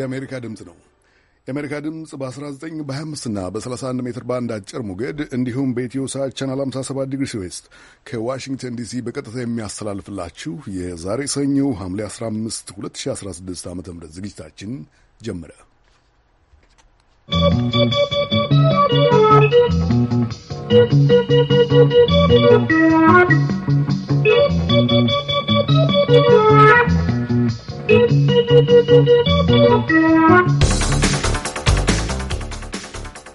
የአሜሪካ ድምፅ ነው። የአሜሪካ ድምፅ በ19 በ25ና በ31 ሜትር ባንድ አጭር ሞገድ እንዲሁም በኢትዮ ሳት ቻናል 57 ዲግሪ ዌስት ከዋሽንግተን ዲሲ በቀጥታ የሚያስተላልፍላችሁ የዛሬ ሰኞ ሐምሌ 15 2016 ዓ ም ዝግጅታችን ጀመረ። ¶¶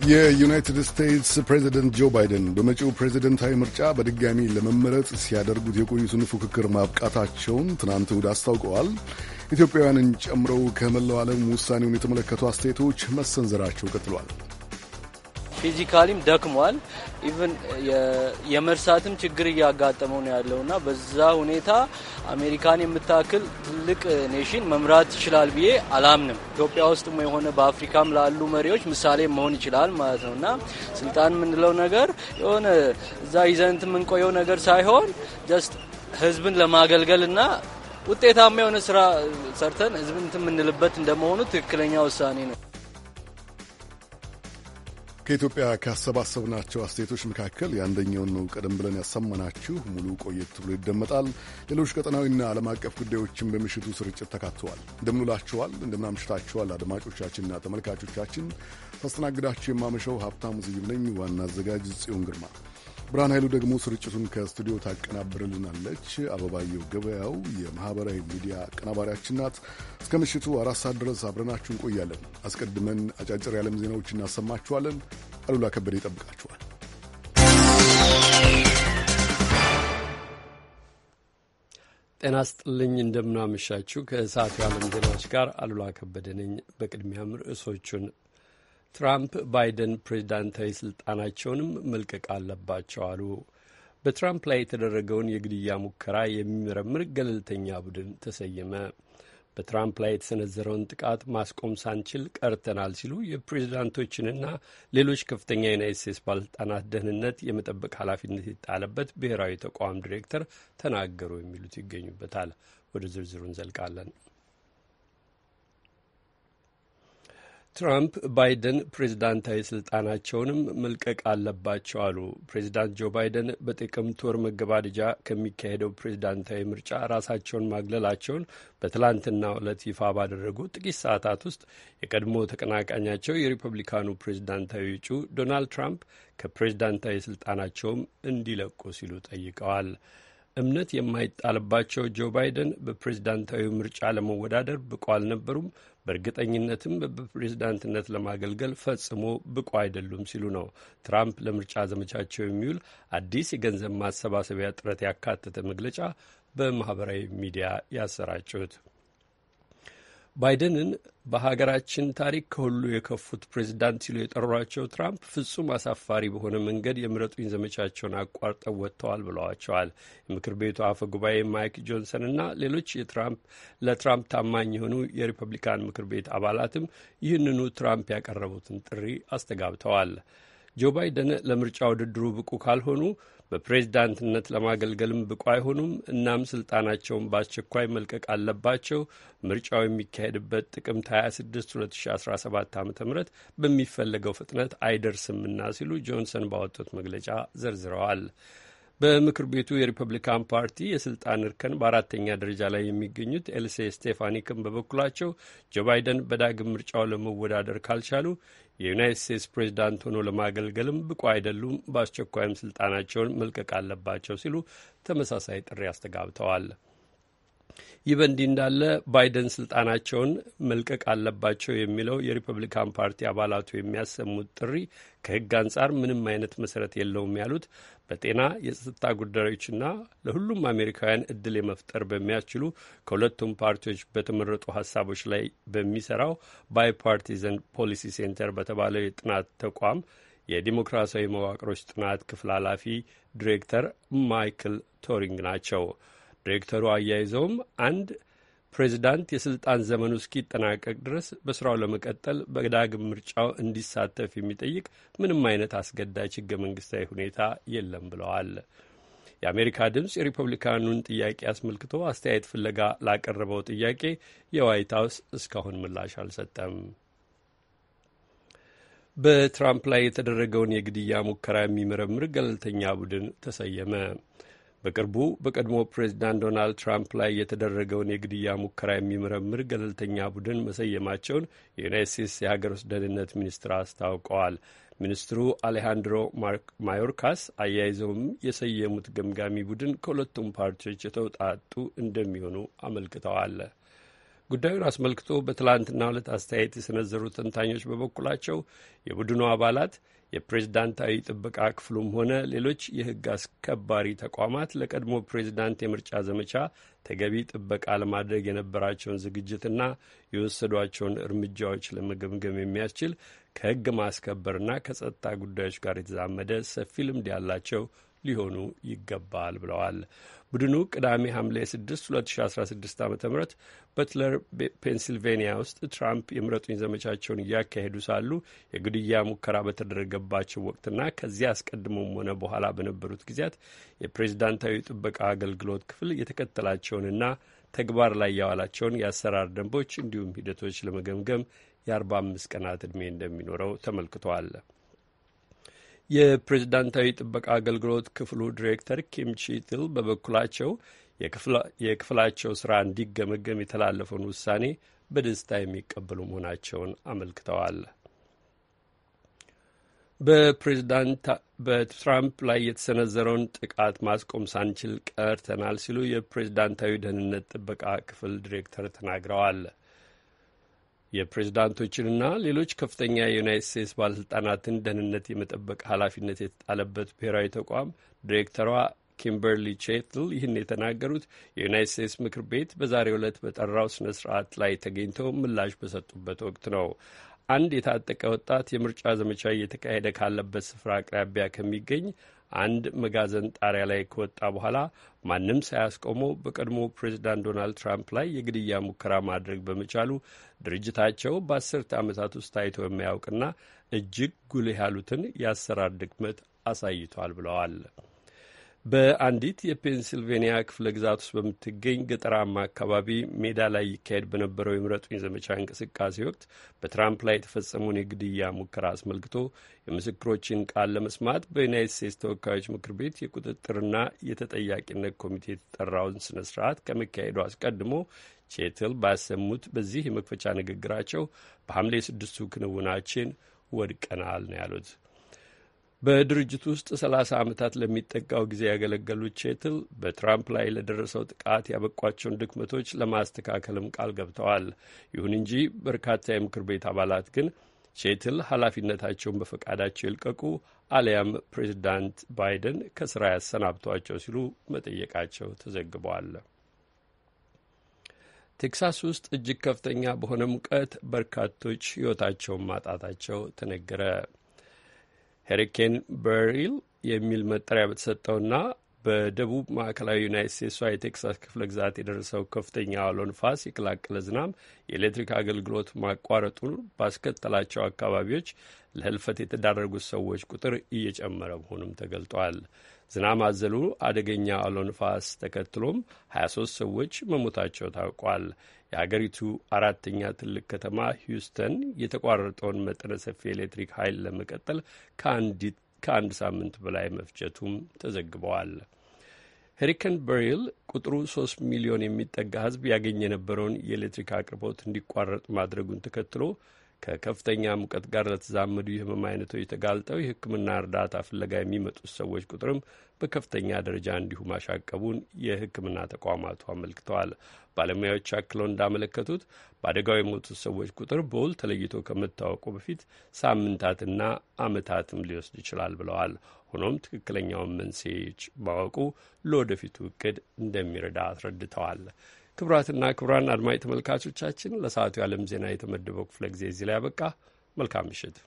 የዩናይትድ ስቴትስ ፕሬዚደንት ጆ ባይደን በመጪው ፕሬዚደንታዊ ምርጫ በድጋሚ ለመመረጥ ሲያደርጉት የቆዩትን ፉክክር ማብቃታቸውን ትናንት እሁድ አስታውቀዋል። ኢትዮጵያውያንን ጨምረው ከመላው ዓለም ውሳኔውን የተመለከቱ አስተያየቶች መሰንዘራቸው ቀጥሏል። ፊዚካሊም ደክሟል። ኢቨን የመርሳትም ችግር እያጋጠመው ነው ያለው እና በዛ ሁኔታ አሜሪካን የምታክል ትልቅ ኔሽን መምራት ይችላል ብዬ አላምንም። ኢትዮጵያ ውስጥም የሆነ በአፍሪካም ላሉ መሪዎች ምሳሌ መሆን ይችላል ማለት ነው እና ስልጣን የምንለው ነገር የሆነ እዛ ይዘንት የምንቆየው ነገር ሳይሆን ጀስት ህዝብን ለማገልገል እና ውጤታማ የሆነ ስራ ሰርተን ህዝብን የምንልበት እንደመሆኑ ትክክለኛ ውሳኔ ነው። ከኢትዮጵያ ካሰባሰብናቸው አስተያየቶች መካከል የአንደኛውን ነው ቀደም ብለን ያሰማናችሁ። ሙሉ ቆየት ብሎ ይደመጣል። ሌሎች ቀጠናዊና ዓለም አቀፍ ጉዳዮችን በምሽቱ ስርጭት ተካተዋል። እንደምንውላችኋል፣ እንደምናምሽታችኋል አድማጮቻችንና ተመልካቾቻችን። ተስተናግዳችሁ የማመሸው ሀብታሙ ዝይብ ነኝ። ዋና አዘጋጅ ጽዮን ግርማ ብርሃን ኃይሉ ደግሞ ስርጭቱን ከስቱዲዮ ታቀናብርልናለች። አበባየው ገበያው የማህበራዊ ሚዲያ አቀናባሪያችን ናት። እስከ ምሽቱ አራት ሰዓት ድረስ አብረናችሁ እንቆያለን። አስቀድመን አጫጭር የዓለም ዜናዎች እናሰማችኋለን። አሉላ ከበደ ይጠብቃችኋል። ጤና ስጥልኝ እንደምናመሻችሁ። ከሰዓቱ የዓለም ዜናዎች ጋር አሉላ ከበደ ነኝ። በቅድሚያም ርዕሶቹን ትራምፕ ባይደን ፕሬዚዳንታዊ ስልጣናቸውንም መልቀቅ አለባቸው አሉ። በትራምፕ ላይ የተደረገውን የግድያ ሙከራ የሚመረምር ገለልተኛ ቡድን ተሰየመ። በትራምፕ ላይ የተሰነዘረውን ጥቃት ማስቆም ሳንችል ቀርተናል ሲሉ የፕሬዚዳንቶችንና ሌሎች ከፍተኛ የዩናይት ስቴትስ ባለስልጣናት ደህንነት የመጠበቅ ኃላፊነት የጣለበት ብሔራዊ ተቋም ዲሬክተር ተናገሩ የሚሉት ይገኙበታል። ወደ ዝርዝሩ እንዘልቃለን። ትራምፕ ባይደን ፕሬዝዳንታዊ ስልጣናቸውንም መልቀቅ አለባቸው አሉ። ፕሬዝዳንት ጆ ባይደን በጥቅምት ወር መገባደጃ ከሚካሄደው ፕሬዝዳንታዊ ምርጫ ራሳቸውን ማግለላቸውን በትላንትናው ዕለት ይፋ ባደረጉ ጥቂት ሰዓታት ውስጥ የቀድሞ ተቀናቃኛቸው የሪፐብሊካኑ ፕሬዝዳንታዊ እጩ ዶናልድ ትራምፕ ከፕሬዝዳንታዊ ስልጣናቸውም እንዲለቁ ሲሉ ጠይቀዋል። እምነት የማይጣልባቸው ጆ ባይደን በፕሬዝዳንታዊ ምርጫ ለመወዳደር ብቁ አልነበሩም፣ በእርግጠኝነትም በፕሬዝዳንትነት ለማገልገል ፈጽሞ ብቁ አይደሉም ሲሉ ነው ትራምፕ ለምርጫ ዘመቻቸው የሚውል አዲስ የገንዘብ ማሰባሰቢያ ጥረት ያካተተ መግለጫ በማህበራዊ ሚዲያ ያሰራጩት። ባይደንን በሀገራችን ታሪክ ከሁሉ የከፉት ፕሬዚዳንት ሲሉ የጠሯቸው ትራምፕ ፍጹም አሳፋሪ በሆነ መንገድ የምረጡኝ ዘመቻቸውን አቋርጠው ወጥተዋል ብለዋቸዋል። የምክር ቤቱ አፈ ጉባኤ ማይክ እና ሌሎች ለትራምፕ ታማኝ የሆኑ የሪፐብሊካን ምክር ቤት አባላትም ይህንኑ ትራምፕ ያቀረቡትን ጥሪ አስተጋብተዋል። ጆ ባይደን ለምርጫ ውድድሩ ብቁ ካልሆኑ በፕሬዝዳንትነት ለማገልገልም ብቁ አይሆኑም። እናም ስልጣናቸውን በአስቸኳይ መልቀቅ አለባቸው። ምርጫው የሚካሄድበት ጥቅምት 26 2017 ዓ ም በሚፈለገው ፍጥነት አይደርስምና ሲሉ ጆንሰን ባወጡት መግለጫ ዘርዝረዋል። በምክር ቤቱ የሪፐብሊካን ፓርቲ የስልጣን እርከን በአራተኛ ደረጃ ላይ የሚገኙት ኤልሴ ስቴፋኒክም በበኩላቸው ጆ ባይደን በዳግም ምርጫው ለመወዳደር ካልቻሉ የዩናይት ስቴትስ ፕሬዚዳንት ሆኖ ለማገልገልም ብቁ አይደሉም፣ በአስቸኳይም ስልጣናቸውን መልቀቅ አለባቸው ሲሉ ተመሳሳይ ጥሪ አስተጋብተዋል። ይህ በእንዲህ እንዳለ ባይደን ስልጣናቸውን መልቀቅ አለባቸው የሚለው የሪፐብሊካን ፓርቲ አባላቱ የሚያሰሙት ጥሪ ከህግ አንጻር ምንም አይነት መሰረት የለውም ያሉት በጤና የጸጥታ ጉዳዮችና ለሁሉም አሜሪካውያን እድል የመፍጠር በሚያስችሉ ከሁለቱም ፓርቲዎች በተመረጡ ሀሳቦች ላይ በሚሰራው ባይፓርቲዘን ፖሊሲ ሴንተር በተባለው የጥናት ተቋም የዲሞክራሲያዊ መዋቅሮች ጥናት ክፍል ኃላፊ ዲሬክተር ማይክል ቶሪንግ ናቸው። ዲሬክተሩ አያይዘውም አንድ ፕሬዚዳንት የስልጣን ዘመኑ እስኪጠናቀቅ ድረስ በስራው ለመቀጠል በዳግም ምርጫው እንዲሳተፍ የሚጠይቅ ምንም አይነት አስገዳጅ ህገ መንግስታዊ ሁኔታ የለም ብለዋል። የአሜሪካ ድምፅ የሪፐብሊካኑን ጥያቄ አስመልክቶ አስተያየት ፍለጋ ላቀረበው ጥያቄ የዋይት ሀውስ እስካሁን ምላሽ አልሰጠም። በትራምፕ ላይ የተደረገውን የግድያ ሙከራ የሚመረምር ገለልተኛ ቡድን ተሰየመ። በቅርቡ በቀድሞ ፕሬዚዳንት ዶናልድ ትራምፕ ላይ የተደረገውን የግድያ ሙከራ የሚመረምር ገለልተኛ ቡድን መሰየማቸውን የዩናይት ስቴትስ የሀገር ውስጥ ደህንነት ሚኒስትር አስታውቀዋል። ሚኒስትሩ አሌሃንድሮ ማዮርካስ አያይዘውም የሰየሙት ገምጋሚ ቡድን ከሁለቱም ፓርቲዎች የተውጣጡ እንደሚሆኑ አመልክተዋል። ጉዳዩን አስመልክቶ በትላንትና ዕለት አስተያየት የሰነዘሩ ተንታኞች በበኩላቸው የቡድኑ አባላት የፕሬዝዳንታዊ ጥበቃ ክፍሉም ሆነ ሌሎች የሕግ አስከባሪ ተቋማት ለቀድሞ ፕሬዝዳንት የምርጫ ዘመቻ ተገቢ ጥበቃ ለማድረግ የነበራቸውን ዝግጅትና የወሰዷቸውን እርምጃዎች ለመገምገም የሚያስችል ከሕግ ማስከበርና ከጸጥታ ጉዳዮች ጋር የተዛመደ ሰፊ ልምድ ያላቸው ሊሆኑ ይገባል ብለዋል። ቡድኑ ቅዳሜ ሐምሌ 6 2016 ዓ ም በትለር ፔንሲልቬኒያ ውስጥ ትራምፕ የምረጡኝ ዘመቻቸውን እያካሄዱ ሳሉ የግድያ ሙከራ በተደረገባቸው ወቅትና ከዚያ አስቀድሞም ሆነ በኋላ በነበሩት ጊዜያት የፕሬዝዳንታዊ ጥበቃ አገልግሎት ክፍል የተከተላቸውንና ተግባር ላይ ያዋላቸውን የአሰራር ደንቦች እንዲሁም ሂደቶች ለመገምገም የ45 ቀናት ዕድሜ እንደሚኖረው ተመልክቷል። የፕሬዝዳንታዊ ጥበቃ አገልግሎት ክፍሉ ዲሬክተር ኪም ቺትል በበኩላቸው የክፍላቸው ስራ እንዲገመገም የተላለፈውን ውሳኔ በደስታ የሚቀበሉ መሆናቸውን አመልክተዋል። በትራምፕ ላይ የተሰነዘረውን ጥቃት ማስቆም ሳንችል ቀርተናል ሲሉ የፕሬዝዳንታዊ ደህንነት ጥበቃ ክፍል ዲሬክተር ተናግረዋል። የፕሬዝዳንቶችንና ሌሎች ከፍተኛ የዩናይት ስቴትስ ባለሥልጣናትን ደህንነት የመጠበቅ ኃላፊነት የተጣለበት ብሔራዊ ተቋም ዲሬክተሯ ኪምበርሊ ቼትል ይህን የተናገሩት የዩናይት ስቴትስ ምክር ቤት በዛሬ ዕለት በጠራው ስነ ስርዓት ላይ ተገኝተው ምላሽ በሰጡበት ወቅት ነው። አንድ የታጠቀ ወጣት የምርጫ ዘመቻ እየተካሄደ ካለበት ስፍራ አቅራቢያ ከሚገኝ አንድ መጋዘን ጣሪያ ላይ ከወጣ በኋላ ማንም ሳያስቆመው በቀድሞ ፕሬዚዳንት ዶናልድ ትራምፕ ላይ የግድያ ሙከራ ማድረግ በመቻሉ ድርጅታቸው በአስርተ ዓመታት ውስጥ ታይቶ የማያውቅና እጅግ ጉልህ ያሉትን የአሰራር ድክመት አሳይቷል ብለዋል። በአንዲት የፔንሲልቬኒያ ክፍለ ግዛት ውስጥ በምትገኝ ገጠራማ አካባቢ ሜዳ ላይ ይካሄድ በነበረው የምረጡኝ ዘመቻ እንቅስቃሴ ወቅት በትራምፕ ላይ የተፈጸመውን የግድያ ሙከራ አስመልክቶ የምስክሮችን ቃል ለመስማት በዩናይት ስቴትስ ተወካዮች ምክር ቤት የቁጥጥርና የተጠያቂነት ኮሚቴ የተጠራውን ስነ ስርዓት ከመካሄዱ አስቀድሞ ቼትል ባሰሙት በዚህ የመክፈቻ ንግግራቸው በሐምሌ ስድስቱ ክንውናችን ወድቀናል ነው ያሉት። በድርጅቱ ውስጥ 30 ዓመታት ለሚጠጋው ጊዜ ያገለገሉት ቼትል በትራምፕ ላይ ለደረሰው ጥቃት ያበቋቸውን ድክመቶች ለማስተካከልም ቃል ገብተዋል። ይሁን እንጂ በርካታ የምክር ቤት አባላት ግን ቼትል ኃላፊነታቸውን በፈቃዳቸው ይልቀቁ አሊያም ፕሬዚዳንት ባይደን ከስራ ያሰናብቷቸው ሲሉ መጠየቃቸው ተዘግበዋል። ቴክሳስ ውስጥ እጅግ ከፍተኛ በሆነ ሙቀት በርካቶች ሕይወታቸውን ማጣታቸው ተነገረ። ሄሪኬን በሪል የሚል መጠሪያ በተሰጠውና በደቡብ ማዕከላዊ ዩናይት ስቴትሷ የቴክሳስ ክፍለ ግዛት የደረሰው ከፍተኛ አውሎ ንፋስ የቀላቀለ ዝናብ የኤሌክትሪክ አገልግሎት ማቋረጡን ባስከተላቸው አካባቢዎች ለህልፈት የተዳረጉት ሰዎች ቁጥር እየጨመረ መሆኑም ተገልጧል። ዝናብ አዘሉ አደገኛ አውሎ ንፋስ ተከትሎም 23 ሰዎች መሞታቸው ታውቋል። የአገሪቱ አራተኛ ትልቅ ከተማ ሂውስተን የተቋረጠውን መጠነ ሰፊ የኤሌክትሪክ ኃይል ለመቀጠል ከአንድ ሳምንት በላይ መፍጀቱም ተዘግበዋል። ሄሪከን በሪል ቁጥሩ ሶስት ሚሊዮን የሚጠጋ ህዝብ ያገኝ የነበረውን የኤሌክትሪክ አቅርቦት እንዲቋረጥ ማድረጉን ተከትሎ ከከፍተኛ ሙቀት ጋር ለተዛመዱ የህመም አይነቶች ተጋልጠው የህክምና እርዳታ ፍለጋ የሚመጡት ሰዎች ቁጥርም በከፍተኛ ደረጃ እንዲሁ ማሻቀቡን የህክምና ተቋማቱ አመልክተዋል። ባለሙያዎች አክለው እንዳመለከቱት በአደጋው የሞቱት ሰዎች ቁጥር በውል ተለይቶ ከመታወቁ በፊት ሳምንታትና አመታትም ሊወስድ ይችላል ብለዋል። ሆኖም ትክክለኛውን መንስኤዎች ማወቁ ለወደፊቱ እቅድ እንደሚረዳ አስረድተዋል። ክቡራትና ክቡራን አድማጭ ተመልካቾቻችን ለሰዓቱ የዓለም ዜና የተመደበው ክፍለ ጊዜ እዚህ ላይ አበቃ። መልካም ምሽት።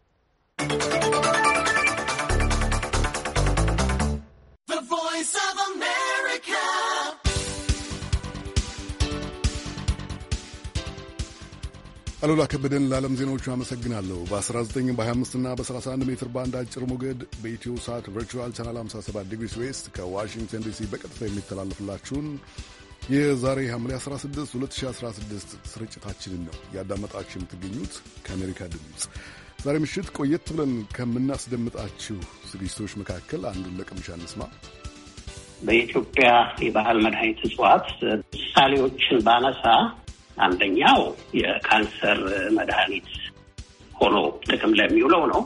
አሉላ ከበደን ለዓለም ዜናዎቹ አመሰግናለሁ። በ19 በ25 እና በ31 ሜትር ባንድ አጭር ሞገድ በኢትዮ ሳት ቨርቹዋል ቻናል 57 ዲግሪ ዌስት ከዋሽንግተን ዲሲ በቀጥታ የሚተላለፍላችሁን የዛሬ ሐምሌ 16 2016 ስርጭታችንን ነው ያዳመጣችሁ የምትገኙት ከአሜሪካ ድምፅ። ዛሬ ምሽት ቆየት ብለን ከምናስደምጣችሁ ዝግጅቶች መካከል አንዱን ለቅምሻ እንስማ። በኢትዮጵያ የባህል መድኃኒት እጽዋት ምሳሌዎችን ባነሳ አንደኛው የካንሰር መድኃኒት ሆኖ ጥቅም ለሚውለው ነው።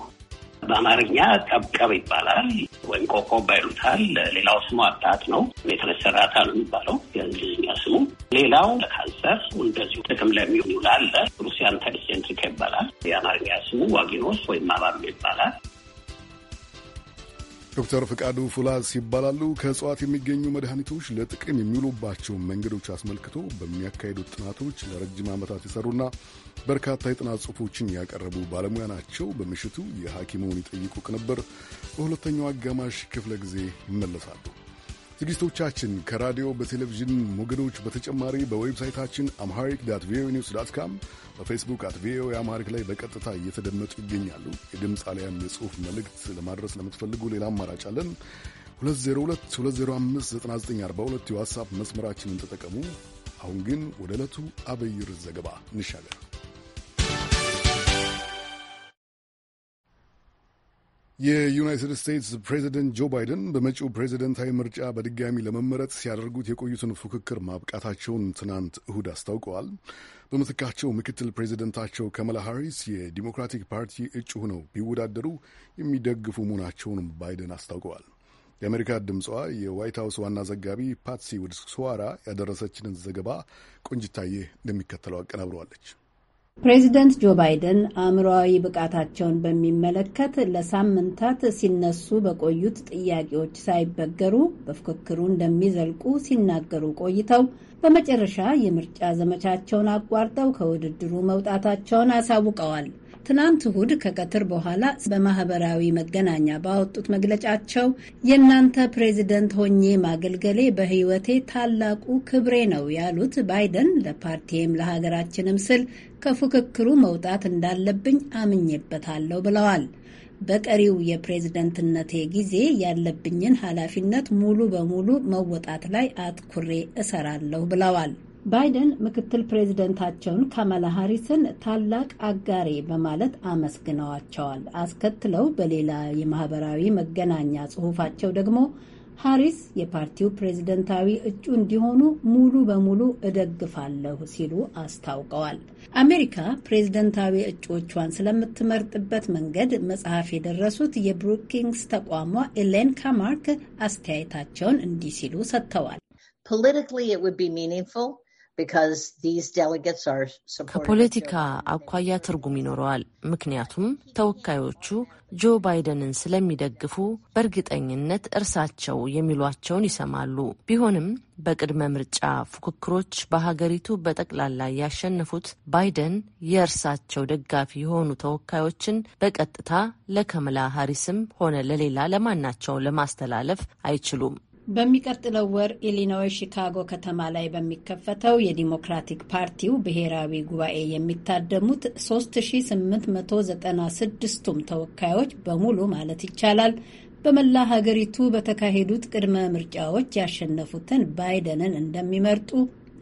በአማርኛ ቀብቀብ ይባላል ወይም ቆቆባ ይሉታል። ሌላው ስሙ አጣጥ ነው። የተነሰራታ ነው የሚባለው የእንግሊዝኛ ስሙ። ሌላው ለካንሰር እንደዚሁ ጥቅም ለሚውል አለ። ሩሲያን ተዲሴንትሪካ ይባላል። የአማርኛ ስሙ ዋጊኖስ ወይም አባሉ ይባላል። ዶክተር ፍቃዱ ፉላስ ይባላሉ። ከእጽዋት የሚገኙ መድኃኒቶች ለጥቅም የሚውሉባቸውን መንገዶች አስመልክቶ በሚያካሄዱት ጥናቶች ለረጅም ዓመታት የሰሩና በርካታ የጥናት ጽሑፎችን ያቀረቡ ባለሙያ ናቸው። በምሽቱ የሐኪሙን ይጠይቁ ቅንብር በሁለተኛው አጋማሽ ክፍለ ጊዜ ይመለሳሉ። ዝግጅቶቻችን ከራዲዮ በቴሌቪዥን ሞገዶች በተጨማሪ በዌብሳይታችን አምሃሪክ ዳት ቪኦኤ ኒውስ ዳት ካም በፌስቡክ አት ቪኦኤ አምሃሪክ ላይ በቀጥታ እየተደመጡ ይገኛሉ። የድምፅ አሊያም የጽሑፍ መልእክት ለማድረስ ለምትፈልጉ ሌላ አማራጭ አለን። 2022059942 የዋትሳፕ መስመራችንን ተጠቀሙ። አሁን ግን ወደ ዕለቱ አበይር ዘገባ እንሻገር። የዩናይትድ ስቴትስ ፕሬዚደንት ጆ ባይደን በመጪው ፕሬዚደንታዊ ምርጫ በድጋሚ ለመመረጥ ሲያደርጉት የቆዩትን ፉክክር ማብቃታቸውን ትናንት እሁድ አስታውቀዋል። በምትካቸው ምክትል ፕሬዚደንታቸው ከመላ ሃሪስ የዲሞክራቲክ ፓርቲ እጩ ሆነው ቢወዳደሩ የሚደግፉ መሆናቸውን ባይደን አስታውቀዋል። የአሜሪካ ድምፅዋ የዋይት ሀውስ ዋና ዘጋቢ ፓትሲ ውድስዋራ ያደረሰችንን ዘገባ ቆንጅታዬ እንደሚከተለው አቀናብረዋለች። ፕሬዚደንት ጆ ባይደን አእምሮዊ ብቃታቸውን በሚመለከት ለሳምንታት ሲነሱ በቆዩት ጥያቄዎች ሳይበገሩ በፍክክሩ እንደሚዘልቁ ሲናገሩ ቆይተው በመጨረሻ የምርጫ ዘመቻቸውን አቋርጠው ከውድድሩ መውጣታቸውን አሳውቀዋል። ትናንት እሁድ ከቀትር በኋላ በማህበራዊ መገናኛ ባወጡት መግለጫቸው የእናንተ ፕሬዚደንት ሆኜ ማገልገሌ በሕይወቴ ታላቁ ክብሬ ነው ያሉት ባይደን ለፓርቲም ለሀገራችንም ስል ከፉክክሩ መውጣት እንዳለብኝ አምኜበታለሁ ብለዋል። በቀሪው የፕሬዝደንትነቴ ጊዜ ያለብኝን ኃላፊነት ሙሉ በሙሉ መወጣት ላይ አትኩሬ እሰራለሁ ብለዋል። ባይደን ምክትል ፕሬዚደንታቸውን ካማላ ሃሪስን ታላቅ አጋሬ በማለት አመስግነዋቸዋል። አስከትለው በሌላ የማህበራዊ መገናኛ ጽሑፋቸው ደግሞ ሃሪስ የፓርቲው ፕሬዝደንታዊ እጩ እንዲሆኑ ሙሉ በሙሉ እደግፋለሁ ሲሉ አስታውቀዋል። አሜሪካ ፕሬዝደንታዊ እጩዎቿን ስለምትመርጥበት መንገድ መጽሐፍ የደረሱት የብሩኪንግስ ተቋሟ ኤሌን ካማርክ አስተያየታቸውን እንዲህ ሲሉ ሰጥተዋል። Politically, it would ከፖለቲካ አኳያ ትርጉም ይኖረዋል። ምክንያቱም ተወካዮቹ ጆ ባይደንን ስለሚደግፉ በእርግጠኝነት እርሳቸው የሚሏቸውን ይሰማሉ። ቢሆንም በቅድመ ምርጫ ፉክክሮች በሀገሪቱ በጠቅላላ ያሸነፉት ባይደን የእርሳቸው ደጋፊ የሆኑ ተወካዮችን በቀጥታ ለከምላ ሀሪስም ሆነ ለሌላ ለማናቸው ለማስተላለፍ አይችሉም። በሚቀጥለው ወር ኢሊኖይ ሺካጎ ከተማ ላይ በሚከፈተው የዲሞክራቲክ ፓርቲው ብሔራዊ ጉባኤ የሚታደሙት 3896ቱም ተወካዮች በሙሉ ማለት ይቻላል በመላ ሀገሪቱ በተካሄዱት ቅድመ ምርጫዎች ያሸነፉትን ባይደንን እንደሚመርጡ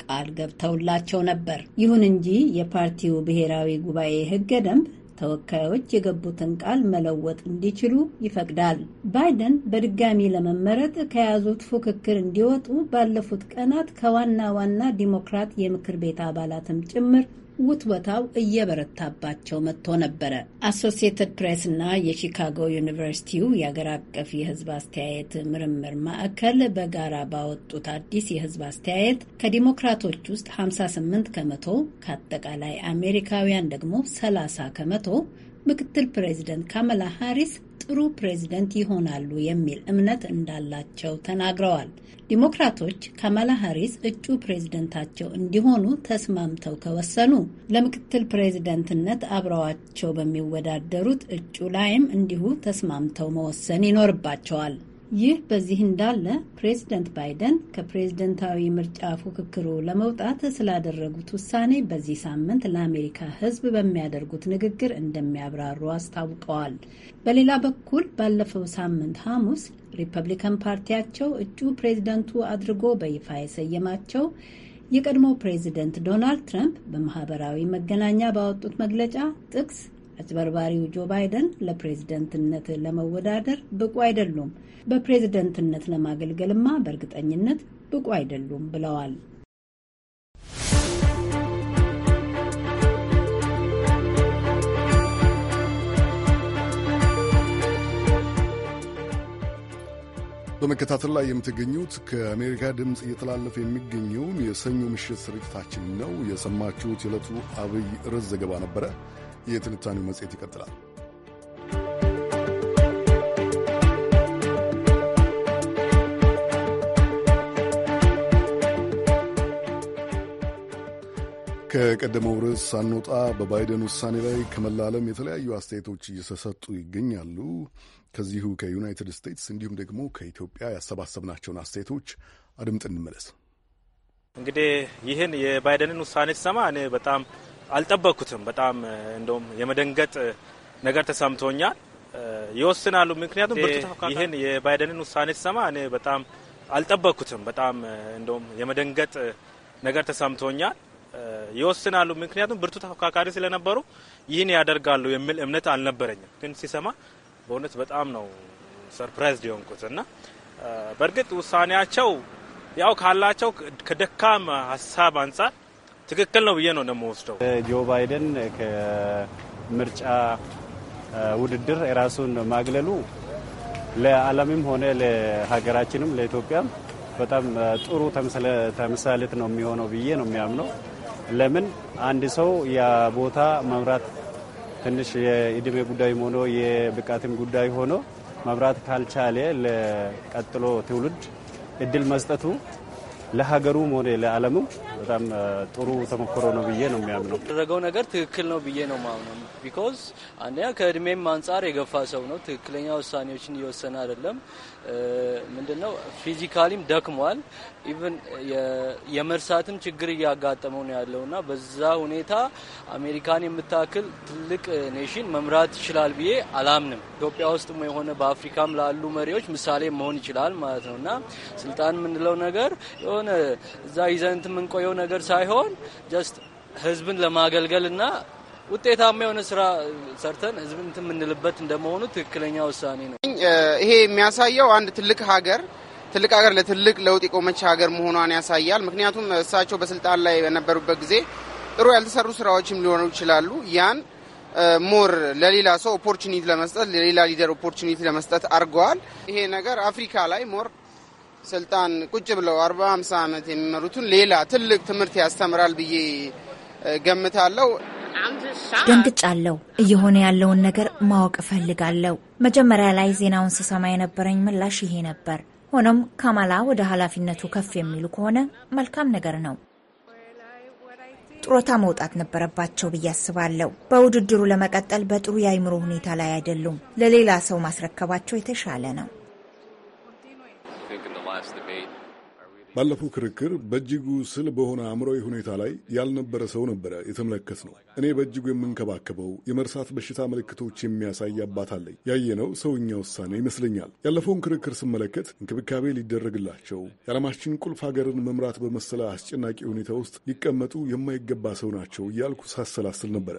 ቃል ገብተውላቸው ነበር። ይሁን እንጂ የፓርቲው ብሔራዊ ጉባኤ ሕገ ደንብ ተወካዮች የገቡትን ቃል መለወጥ እንዲችሉ ይፈቅዳል። ባይደን በድጋሚ ለመመረጥ ከያዙት ፉክክር እንዲወጡ ባለፉት ቀናት ከዋና ዋና ዲሞክራት የምክር ቤት አባላትም ጭምር ውትወታው እየበረታባቸው መጥቶ ነበረ። አሶሲየትድ ፕሬስ እና የቺካጎ ዩኒቨርሲቲው የአገር አቀፍ የሕዝብ አስተያየት ምርምር ማዕከል በጋራ ባወጡት አዲስ የሕዝብ አስተያየት ከዲሞክራቶች ውስጥ 58 ከመቶ፣ ከአጠቃላይ አሜሪካውያን ደግሞ 30 ከመቶ ምክትል ፕሬዚደንት ካመላ ሃሪስ ጥሩ ፕሬዝደንት ይሆናሉ የሚል እምነት እንዳላቸው ተናግረዋል። ዲሞክራቶች ካማላ ሃሪስ እጩ ፕሬዝደንታቸው እንዲሆኑ ተስማምተው ከወሰኑ ለምክትል ፕሬዝደንትነት አብረዋቸው በሚወዳደሩት እጩ ላይም እንዲሁ ተስማምተው መወሰን ይኖርባቸዋል። ይህ በዚህ እንዳለ ፕሬዝደንት ባይደን ከፕሬዝደንታዊ ምርጫ ፉክክሩ ለመውጣት ስላደረጉት ውሳኔ በዚህ ሳምንት ለአሜሪካ ሕዝብ በሚያደርጉት ንግግር እንደሚያብራሩ አስታውቀዋል። በሌላ በኩል ባለፈው ሳምንት ሐሙስ ሪፐብሊካን ፓርቲያቸው እጩ ፕሬዝደንቱ አድርጎ በይፋ የሰየማቸው የቀድሞ ፕሬዝደንት ዶናልድ ትራምፕ በማህበራዊ መገናኛ ባወጡት መግለጫ ጥቅስ አጭበርባሪው ጆ ባይደን ለፕሬዝደንትነት ለመወዳደር ብቁ አይደሉም፣ በፕሬዝደንትነት ለማገልገልማ በእርግጠኝነት ብቁ አይደሉም ብለዋል። በመከታተል ላይ የምትገኙት ከአሜሪካ ድምፅ እየተላለፈ የሚገኘውን የሰኞ ምሽት ስርጭታችን ነው። የሰማችሁት የዕለቱ አብይ ርዕስ ዘገባ ነበረ። የትንታኔው መጽሔት ይቀጥላል። ከቀደመው ርዕስ ሳንወጣ በባይደን ውሳኔ ላይ ከመላ ዓለም የተለያዩ አስተያየቶች እየተሰጡ ይገኛሉ። ከዚሁ ከዩናይትድ ስቴትስ እንዲሁም ደግሞ ከኢትዮጵያ ያሰባሰብናቸውን አስተያየቶች አድምጥ እንመለስ። እንግዲህ ይህን የባይደንን ውሳኔ ሲሰማ እኔ በጣም አልጠበቅኩትም። በጣም እንደውም የመደንገጥ ነገር ተሰምቶኛል። ይወስናሉ። ምክንያቱም ይህን የባይደንን ውሳኔ ስሰማ እኔ በጣም አልጠበቅኩትም። በጣም እንደውም የመደንገጥ ነገር ተሰምቶኛል። ይወስናሉ። ምክንያቱም ብርቱ ተፎካካሪ ስለነበሩ ይህን ያደርጋሉ የሚል እምነት አልነበረኝም። ግን ሲሰማ በእውነት በጣም ነው ሰርፕራይዝ ሊሆንኩት እና በእርግጥ ውሳኔያቸው ያው ካላቸው ከደካም ሀሳብ አንጻር ትክክል ነው ብዬ ነው እንደምወስደው። ጆ ባይደን ከምርጫ ውድድር የራሱን ማግለሉ ለዓለምም ሆነ ለሀገራችንም ለኢትዮጵያም በጣም ጥሩ ተምሳሌት ነው የሚሆነው ብዬ ነው የሚያምነው። ለምን አንድ ሰው የቦታ መምራት ትንሽ የእድሜ ጉዳይ ሆኖ የብቃትም ጉዳይ ሆኖ መምራት ካልቻለ ለቀጥሎ ትውልድ እድል መስጠቱ ለሀገሩም ሆነ ለዓለምም በጣም ጥሩ ተሞክሮ ነው ብዬ ነው የሚያምነው። ያደረገው ነገር ትክክል ነው ብዬ ነው ማምነው። ቢኮዝ አንደኛ ከእድሜም አንጻር የገፋ ሰው ነው። ትክክለኛ ውሳኔዎችን እየወሰነ አይደለም። ነው ፊዚካሊም ደክሟል። ኢቨን የመርሳትም ችግር እያጋጠመው ነው ያለው እና በዛ ሁኔታ አሜሪካን የምታክል ትልቅ ኔሽን መምራት ይችላል ብዬ አላምንም። ኢትዮጵያ ውስጥም የሆነ በአፍሪካም ላሉ መሪዎች ምሳሌ መሆን ይችላል ማለት ነው እና ስልጣን የምንለው ነገር የሆነ እዛ ይዘንት የምንቆየው የሚለው ነገር ሳይሆን ጀስት ህዝብን ለማገልገልና ውጤታማ የሆነ ስራ ሰርተን ህዝብን እንትን የምንልበት እንደመሆኑ ትክክለኛ ውሳኔ ነው። ይሄ የሚያሳየው አንድ ትልቅ ሀገር ትልቅ ሀገር ለትልቅ ለውጥ የቆመች ሀገር መሆኗን ያሳያል። ምክንያቱም እሳቸው በስልጣን ላይ በነበሩበት ጊዜ ጥሩ ያልተሰሩ ስራዎችም ሊሆኑ ይችላሉ። ያን ሞር ለሌላ ሰው ኦፖርቹኒቲ ለመስጠት ለሌላ ሊደር ኦፖርቹኒቲ ለመስጠት አድርገዋል። ይሄ ነገር አፍሪካ ላይ ሞር ስልጣን ቁጭ ብለው አርባ ሀምሳ ዓመት የሚመሩትን ሌላ ትልቅ ትምህርት ያስተምራል ብዬ ገምታለሁ። ደንግጫለሁ። እየሆነ ያለውን ነገር ማወቅ እፈልጋለሁ። መጀመሪያ ላይ ዜናውን ስሰማ የነበረኝ ምላሽ ይሄ ነበር። ሆኖም ካማላ ወደ ኃላፊነቱ ከፍ የሚሉ ከሆነ መልካም ነገር ነው። ጡረታ መውጣት ነበረባቸው ብዬ አስባለሁ። በውድድሩ ለመቀጠል በጥሩ የአይምሮ ሁኔታ ላይ አይደሉም። ለሌላ ሰው ማስረከባቸው የተሻለ ነው። ባለፈው ክርክር በእጅጉ ስል በሆነ አእምሮዊ ሁኔታ ላይ ያልነበረ ሰው ነበረ የተመለከት ነው። እኔ በእጅጉ የምንከባከበው የመርሳት በሽታ ምልክቶች የሚያሳይ አባት አለኝ። ያየነው ሰውኛ ውሳኔ ይመስለኛል። ያለፈውን ክርክር ስመለከት እንክብካቤ ሊደረግላቸው የዓለማችን ቁልፍ ሀገርን መምራት በመሰለ አስጨናቂ ሁኔታ ውስጥ ሊቀመጡ የማይገባ ሰው ናቸው እያልኩ ሳሰላስል ነበረ።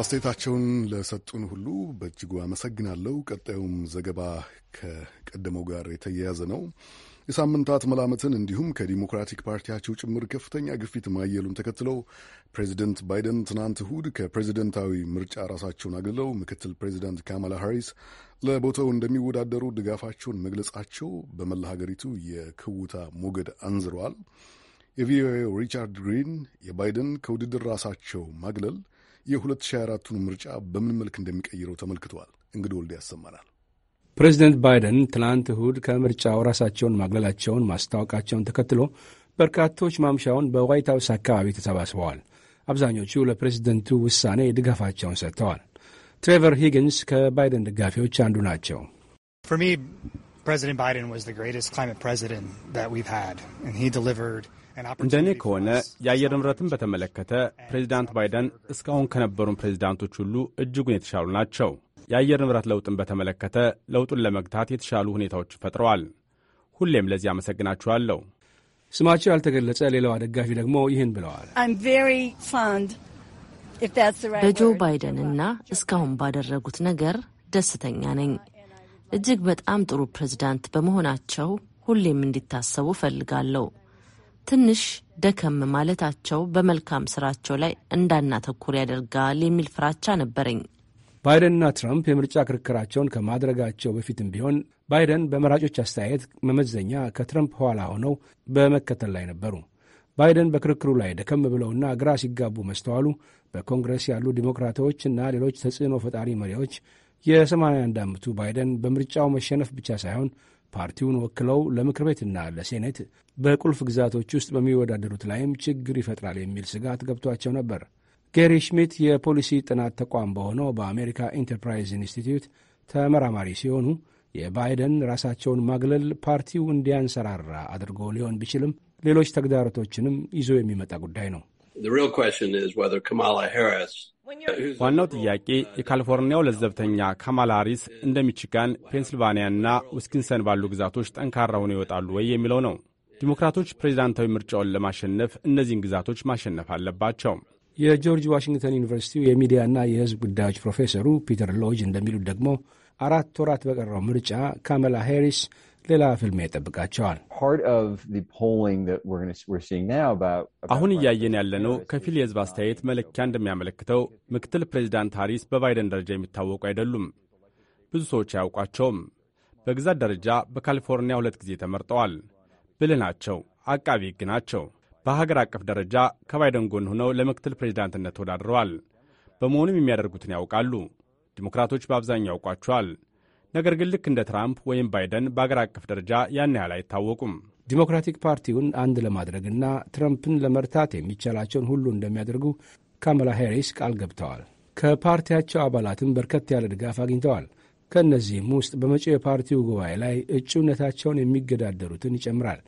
አስተያየታቸውን ለሰጡን ሁሉ በእጅጉ አመሰግናለሁ። ቀጣዩም ዘገባ ከቀደመው ጋር የተያያዘ ነው። የሳምንታት መላመትን እንዲሁም ከዲሞክራቲክ ፓርቲያቸው ጭምር ከፍተኛ ግፊት ማየሉን ተከትለው ፕሬዚደንት ባይደን ትናንት እሁድ ከፕሬዚደንታዊ ምርጫ ራሳቸውን አግልለው ምክትል ፕሬዚደንት ካማላ ሃሪስ ለቦታው እንደሚወዳደሩ ድጋፋቸውን መግለጻቸው በመላ ሀገሪቱ የክውታ ሞገድ አንዝረዋል። የቪኦኤው ሪቻርድ ግሪን የባይደን ከውድድር ራሳቸው ማግለል የ2024ቱን ምርጫ በምን መልክ እንደሚቀይረው ተመልክተዋል። እንግዲህ ወልደ ያሰማናል። ፕሬዚደንት ባይደን ትናንት እሁድ ከምርጫው ራሳቸውን ማግለላቸውን ማስታወቃቸውን ተከትሎ በርካቶች ማምሻውን በዋይት ሀውስ አካባቢ ተሰባስበዋል። አብዛኞቹ ለፕሬዚደንቱ ውሳኔ ድጋፋቸውን ሰጥተዋል። ትሬቨር ሂግንስ ከባይደን ደጋፊዎች አንዱ ናቸው። ፕሬዚደንት ባይደን እንደ እኔ ከሆነ የአየር ንብረትን በተመለከተ ፕሬዚዳንት ባይደን እስካሁን ከነበሩን ፕሬዚዳንቶች ሁሉ እጅጉን የተሻሉ ናቸው። የአየር ንብረት ለውጥን በተመለከተ ለውጡን ለመግታት የተሻሉ ሁኔታዎች ፈጥረዋል። ሁሌም ለዚህ አመሰግናችኋለሁ። ስማቸው ያልተገለጸ ሌላዋ ደጋፊ ደግሞ ይህን ብለዋል። በጆ ባይደን እና እስካሁን ባደረጉት ነገር ደስተኛ ነኝ። እጅግ በጣም ጥሩ ፕሬዚዳንት በመሆናቸው ሁሌም እንዲታሰቡ እፈልጋለሁ። ትንሽ ደከም ማለታቸው በመልካም ስራቸው ላይ እንዳናተኩር ያደርጋል የሚል ፍራቻ ነበረኝ። ባይደንና ትራምፕ የምርጫ ክርክራቸውን ከማድረጋቸው በፊትም ቢሆን ባይደን በመራጮች አስተያየት መመዘኛ ከትራምፕ ኋላ ሆነው በመከተል ላይ ነበሩ። ባይደን በክርክሩ ላይ ደከም ብለውና ግራ ሲጋቡ መስተዋሉ በኮንግረስ ያሉ ዲሞክራቶችና እና ሌሎች ተጽዕኖ ፈጣሪ መሪዎች የ81 ዓመቱ ባይደን በምርጫው መሸነፍ ብቻ ሳይሆን ፓርቲውን ወክለው ለምክር ቤትና ለሴኔት በቁልፍ ግዛቶች ውስጥ በሚወዳደሩት ላይም ችግር ይፈጥራል የሚል ስጋት ገብቷቸው ነበር። ጌሪ ሽሚት የፖሊሲ ጥናት ተቋም በሆነው በአሜሪካ ኢንተርፕራይዝ ኢንስቲትዩት ተመራማሪ ሲሆኑ የባይደን ራሳቸውን ማግለል ፓርቲው እንዲያንሰራራ አድርጎ ሊሆን ቢችልም ሌሎች ተግዳሮቶችንም ይዞ የሚመጣ ጉዳይ ነው። ዋናው ጥያቄ የካሊፎርኒያው ለዘብተኛ ካማላ ሃሪስ እንደ ሚችጋን፣ እና ዊስኪንሰን ባሉ ግዛቶች ጠንካራ ሆነው ይወጣሉ ወይ የሚለው ነው። ዲሞክራቶች ፕሬዚዳንታዊ ምርጫውን ለማሸነፍ እነዚህን ግዛቶች ማሸነፍ አለባቸው። የጆርጅ ዋሽንግተን ዩኒቨርሲቲው የሚዲያና የሕዝብ ጉዳዮች ፕሮፌሰሩ ፒተር ሎጅ እንደሚሉት ደግሞ አራት ወራት በቀረው ምርጫ ካማላ ሄሪስ። ሌላ ፊልም ይጠብቃቸዋል። አሁን እያየን ያለነው ከፊል የህዝብ አስተያየት መለኪያ እንደሚያመለክተው ምክትል ፕሬዚዳንት ሃሪስ በባይደን ደረጃ የሚታወቁ አይደሉም። ብዙ ሰዎች አያውቋቸውም። በግዛት ደረጃ በካሊፎርኒያ ሁለት ጊዜ ተመርጠዋል። ብልህ ናቸው። አቃቢ ህግ ናቸው። በሀገር አቀፍ ደረጃ ከባይደን ጎን ሆነው ለምክትል ፕሬዚዳንትነት ተወዳድረዋል። በመሆኑም የሚያደርጉትን ያውቃሉ። ዲሞክራቶች በአብዛኛው ያውቋቸዋል። ነገር ግን ልክ እንደ ትራምፕ ወይም ባይደን በአገር አቀፍ ደረጃ ያን ያህል አይታወቁም። ዲሞክራቲክ ፓርቲውን አንድ ለማድረግና ትረምፕን ለመርታት የሚቻላቸውን ሁሉ እንደሚያደርጉ ካማላ ሄሪስ ቃል ገብተዋል። ከፓርቲያቸው አባላትም በርከት ያለ ድጋፍ አግኝተዋል። ከእነዚህም ውስጥ በመጪው የፓርቲው ጉባኤ ላይ እጩነታቸውን የሚገዳደሩትን ይጨምራል።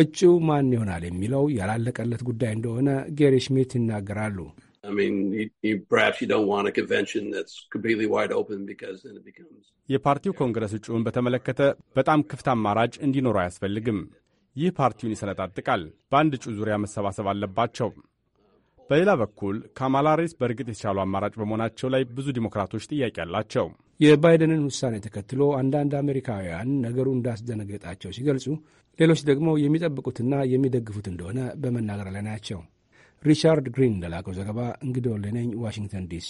እጩ ማን ይሆናል የሚለው ያላለቀለት ጉዳይ እንደሆነ ጌሪ ሽሚት ይናገራሉ። የፓርቲው ኮንግረስ እጩውን በተመለከተ በጣም ክፍት አማራጭ እንዲኖረው አያስፈልግም። ይህ ፓርቲውን ይሰነጣጥቃል። በአንድ እጩ ዙሪያ መሰባሰብ አለባቸው። በሌላ በኩል ካማላ ሃሪስ በእርግጥ የተሻሉ አማራጭ በመሆናቸው ላይ ብዙ ዲሞክራቶች ጥያቄ አላቸው። የባይደንን ውሳኔ ተከትሎ አንዳንድ አሜሪካውያን ነገሩ እንዳስደነገጣቸው ሲገልጹ፣ ሌሎች ደግሞ የሚጠብቁትና የሚደግፉት እንደሆነ በመናገር ላይ ናቸው። ሪቻርድ ግሪን ለላከው ዘገባ እንግዲ ወለነኝ ዋሽንግተን ዲሲ።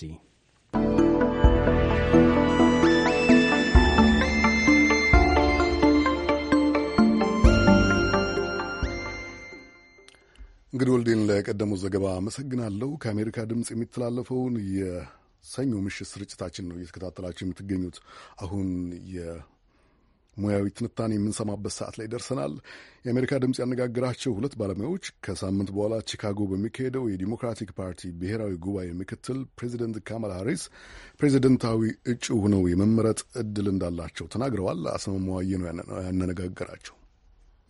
እንግዲህ ወልዴን ለቀደመው ዘገባ አመሰግናለሁ። ከአሜሪካ ድምፅ የሚተላለፈውን የሰኞ ምሽት ስርጭታችን ነው እየተከታተላችሁ የምትገኙት አሁን ሙያዊ ትንታኔ የምንሰማበት ሰዓት ላይ ደርሰናል። የአሜሪካ ድምፅ ያነጋግራቸው ሁለት ባለሙያዎች ከሳምንት በኋላ ቺካጎ በሚካሄደው የዲሞክራቲክ ፓርቲ ብሔራዊ ጉባኤ ምክትል ፕሬዚደንት ካማላ ሃሪስ ፕሬዚደንታዊ እጩ ሆነው የመመረጥ እድል እንዳላቸው ተናግረዋል። አስማማው ነው ያነጋገራቸው።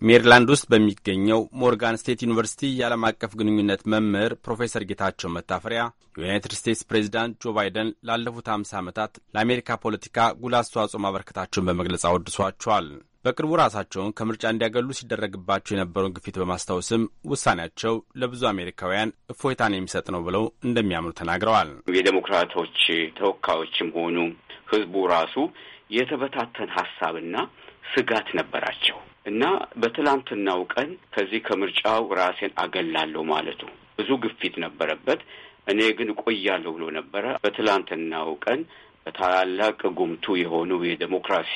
ሜሪላንድ ውስጥ በሚገኘው ሞርጋን ስቴት ዩኒቨርሲቲ የዓለም አቀፍ ግንኙነት መምህር ፕሮፌሰር ጌታቸው መታፈሪያ የዩናይትድ ስቴትስ ፕሬዚዳንት ጆ ባይደን ላለፉት 50 ዓመታት ለአሜሪካ ፖለቲካ ጉልህ አስተዋጽኦ ማበረከታቸውን በመግለጽ አወድሷቸዋል። በቅርቡ ራሳቸውን ከምርጫ እንዲያገሉ ሲደረግባቸው የነበረውን ግፊት በማስታወስም ውሳኔያቸው ለብዙ አሜሪካውያን እፎይታን የሚሰጥ ነው ብለው እንደሚያምኑ ተናግረዋል። የዴሞክራቶች ተወካዮችም ሆኑ ህዝቡ ራሱ የተበታተን ሀሳብና ስጋት ነበራቸው። እና በትላንትናው ቀን ከዚህ ከምርጫው ራሴን አገላለሁ ማለቱ ብዙ ግፊት ነበረበት። እኔ ግን እቆያለሁ ብሎ ነበረ። በትላንትናው ቀን ታላላቅ ጉምቱ የሆኑ የዴሞክራሲ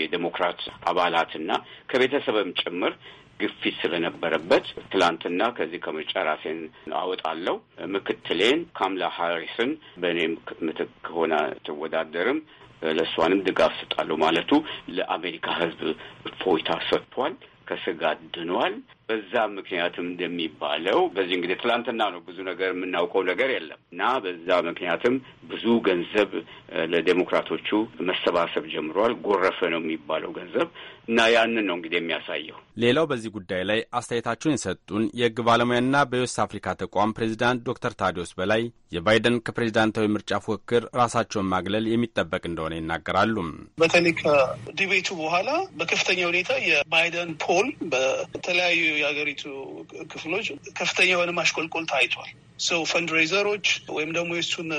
የዴሞክራት አባላትና ከቤተሰብም ጭምር ግፊት ስለነበረበት ትላንትና ከዚህ ከምርጫ ራሴን አወጣለሁ፣ ምክትሌን ካምላ ሃሪስን በእኔ ምትክ ሆና ትወዳደርም ለእሷንም ድጋፍ ስጣለሁ ማለቱ ለአሜሪካ ህዝብ ፎይታ ሰጥቷል። ከስጋት ድኗል። በዛ ምክንያትም እንደሚባለው በዚህ እንግዲህ ትላንትና ነው ብዙ ነገር የምናውቀው ነገር የለም እና በዛ ምክንያትም ብዙ ገንዘብ ለዴሞክራቶቹ መሰባሰብ ጀምሯል። ጎረፈ ነው የሚባለው ገንዘብ እና ያንን ነው እንግዲህ የሚያሳየው። ሌላው በዚህ ጉዳይ ላይ አስተያየታቸውን የሰጡን የህግ ባለሙያና በዌስት አፍሪካ ተቋም ፕሬዚዳንት ዶክተር ታዲዮስ በላይ የባይደን ከፕሬዚዳንታዊ ምርጫ ፉክክር ራሳቸውን ማግለል የሚጠበቅ እንደሆነ ይናገራሉ። በተለይ ከዲቤቱ በኋላ በከፍተኛ ሁኔታ የባይደን ፖል በተለያዩ የሀገሪቱ ክፍሎች ከፍተኛ የሆነ ማሽቆልቆል ታይቷል። ሰው ፈንድሬዘሮች ወይም ደግሞ የሱን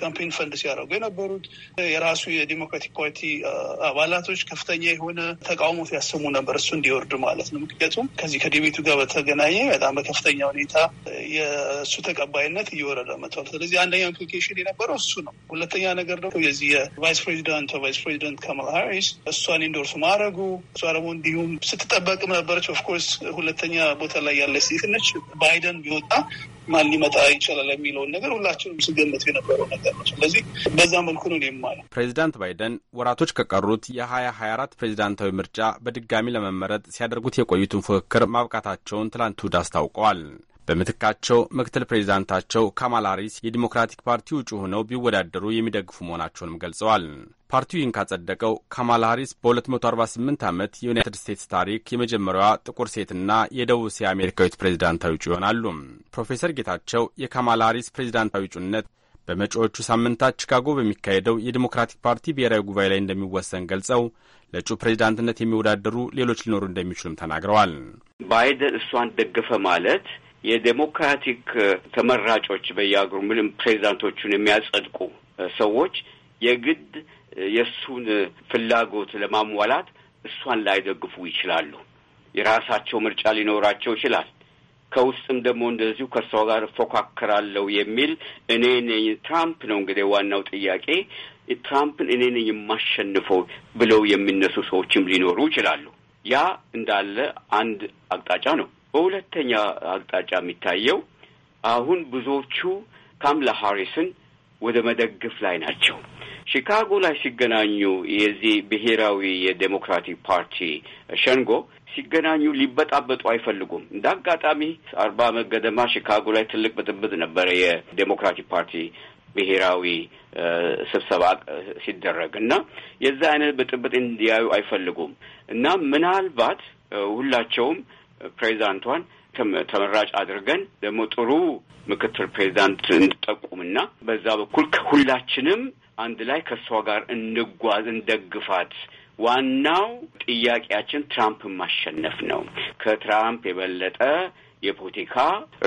ካምፔን ፈንድ ሲያደርጉ የነበሩት የራሱ የዲሞክራቲክ ፓርቲ uh, አባላቶች ከፍተኛ የሆነ ተቃውሞ ያሰሙ ነበር፣ እሱ እንዲወርድ ማለት ነው። ምክንያቱም ከዚህ ከዲቤቱ ጋር በተገናኘ በጣም በከፍተኛ ሁኔታ የእሱ ተቀባይነት እየወረደ መጥቷል። ስለዚህ አንደኛው ኢምፕሊኬሽን የነበረው እሱ ነው። ሁለተኛ ነገር ደግሞ የዚህ የቫይስ ፕሬዚዳንት ቫይስ ፕሬዚዳንት ካማላ ሃሪስ እሷን ኢንዶርስ ማድረጉ እሷ ደግሞ እንዲሁም ስትጠበቅም ነበረች። ኦፍኮርስ ሁለተኛ ቦታ ላይ ያለች ሴት ነች። ባይደን ቢወጣ ማን ሊመጣ ይችላል የሚለውን ነገር ሁላችንም ስገመት የነበረው ነገር ነው። ስለዚህ በዛ መልኩ ነው የማየው። ፕሬዚዳንት ባይደን ወራቶች ከቀሩት የሀያ ሀያ አራት ፕሬዚዳንታዊ ምርጫ በድጋሚ ለመመረጥ ሲያደርጉት የቆዩትን ፉክክር ማብቃታቸውን ትላንት እሁድ አስታውቀዋል። በምትካቸው ምክትል ፕሬዚዳንታቸው ካማላ ሃሪስ የዲሞክራቲክ ፓርቲ ውጪ ሆነው ቢወዳደሩ የሚደግፉ መሆናቸውንም ገልጸዋል። ፓርቲው ይህን ካጸደቀው ካማላ ሃሪስ በ248 ዓመት የዩናይትድ ስቴትስ ታሪክ የመጀመሪያዋ ጥቁር ሴትና የደቡብ እስያ አሜሪካዊት ፕሬዚዳንታዊ ውጩ ይሆናሉ። ፕሮፌሰር ጌታቸው የካማላ ሃሪስ ፕሬዚዳንታዊ ውጩነት በመጪዎቹ ሳምንታት ቺካጎ በሚካሄደው የዲሞክራቲክ ፓርቲ ብሔራዊ ጉባኤ ላይ እንደሚወሰን ገልጸው ለእጩ ፕሬዚዳንትነት የሚወዳደሩ ሌሎች ሊኖሩ እንደሚችሉም ተናግረዋል። ባይደን እሷን ደገፈ ማለት የዴሞክራቲክ ተመራጮች በየአገሩ ምንም ፕሬዚዳንቶቹን የሚያጸድቁ ሰዎች የግድ የእሱን ፍላጎት ለማሟላት እሷን ላይደግፉ ይችላሉ። የራሳቸው ምርጫ ሊኖራቸው ይችላል። ከውስጥም ደግሞ እንደዚሁ ከእሷ ጋር እፎካከራለሁ የሚል እኔ ነኝ ትራምፕ ነው እንግዲህ ዋናው ጥያቄ ትራምፕን እኔ ነኝ የማሸንፈው ብለው የሚነሱ ሰዎችም ሊኖሩ ይችላሉ። ያ እንዳለ አንድ አቅጣጫ ነው። በሁለተኛ አቅጣጫ የሚታየው አሁን ብዙዎቹ ካምላ ሃሪስን ወደ መደገፍ ላይ ናቸው። ሺካጎ ላይ ሲገናኙ የዚህ ብሔራዊ የዴሞክራቲክ ፓርቲ ሸንጎ ሲገናኙ ሊበጣበጡ አይፈልጉም። እንደ አጋጣሚ አርባ ዓመት ገደማ ሺካጎ ላይ ትልቅ ብጥብጥ ነበረ የዴሞክራቲክ ፓርቲ ብሔራዊ ስብሰባ ሲደረግ እና የዛ አይነት ብጥብጥ እንዲያዩ አይፈልጉም እና ምናልባት ሁላቸውም ፕሬዚዳንቷን ተመራጭ አድርገን ደግሞ ጥሩ ምክትል ፕሬዚዳንት እንጠቁምና በዛ በኩል ከሁላችንም አንድ ላይ ከእሷ ጋር እንጓዝ እንደግፋት። ዋናው ጥያቄያችን ትራምፕን ማሸነፍ ነው። ከትራምፕ የበለጠ የፖለቲካ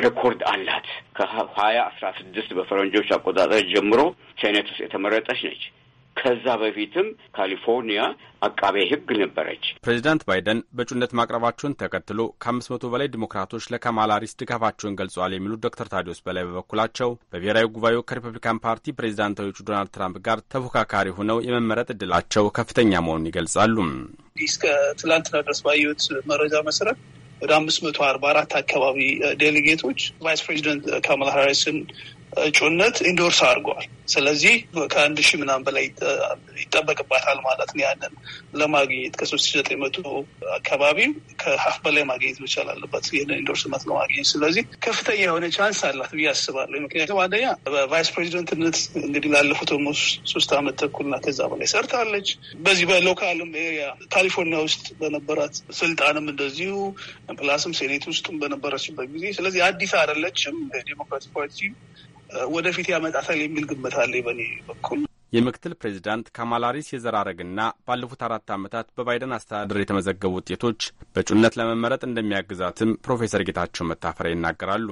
ሬኮርድ አላት። ከሀያ አስራ ስድስት በፈረንጆች አቆጣጠር ጀምሮ ሴኔት ውስጥ የተመረጠች ነች። ከዛ በፊትም ካሊፎርኒያ አቃቤ ሕግ ነበረች። ፕሬዚዳንት ባይደን በእጩነት ማቅረባቸውን ተከትሎ ከአምስት መቶ በላይ ዲሞክራቶች ለካማላ ሃሪስ ድጋፋቸውን ገልጸዋል የሚሉት ዶክተር ታዲዮስ በላይ በበኩላቸው በብሔራዊ ጉባኤው ከሪፐብሊካን ፓርቲ ፕሬዚዳንታዊ እጩ ዶናልድ ትራምፕ ጋር ተፎካካሪ ሆነው የመመረጥ እድላቸው ከፍተኛ መሆኑን ይገልጻሉ። እስከ ትላንትና ድረስ ባየሁት መረጃ መሰረት ወደ አምስት መቶ አርባ አራት አካባቢ ዴሌጌቶች ቫይስ ፕሬዚደንት ካማላ ሃሪስን እጩነት ኢንዶርስ አድርጓል። ስለዚህ ከአንድ ሺህ ምናምን በላይ ይጠበቅባታል ማለት ነው። ያንን ለማግኘት ከሶስት ሺህ ዘጠኝ መቶ አካባቢ ከሀፍ በላይ ማግኘት መቻል አለባት ይህንን ኢንዶርስመንት ለማግኘት። ስለዚህ ከፍተኛ የሆነ ቻንስ አላት ብዬ አስባለሁ። ምክንያቱም አንደኛ በቫይስ ፕሬዚደንትነት እንግዲህ ላለፉት ሞ ሶስት አመት ተኩልና ከዛ በላይ ሰርታለች። በዚህ በሎካልም ኤሪያ ካሊፎርኒያ ውስጥ በነበራት ስልጣንም እንደዚሁ ፕላስም ሴኔት ውስጥም በነበረችበት ጊዜ ስለዚህ አዲስ አይደለችም። ዴሞክራቲክ ፓርቲ ወደፊት ያመጣታል የሚል ግምት አለ በኔ በኩል። የምክትል ፕሬዚዳንት ካማላ ሃሪስ የዘር ሐረግና ባለፉት አራት ዓመታት በባይደን አስተዳደር የተመዘገቡ ውጤቶች በእጩነት ለመመረጥ እንደሚያግዛትም ፕሮፌሰር ጌታቸው መታፈሪያ ይናገራሉ።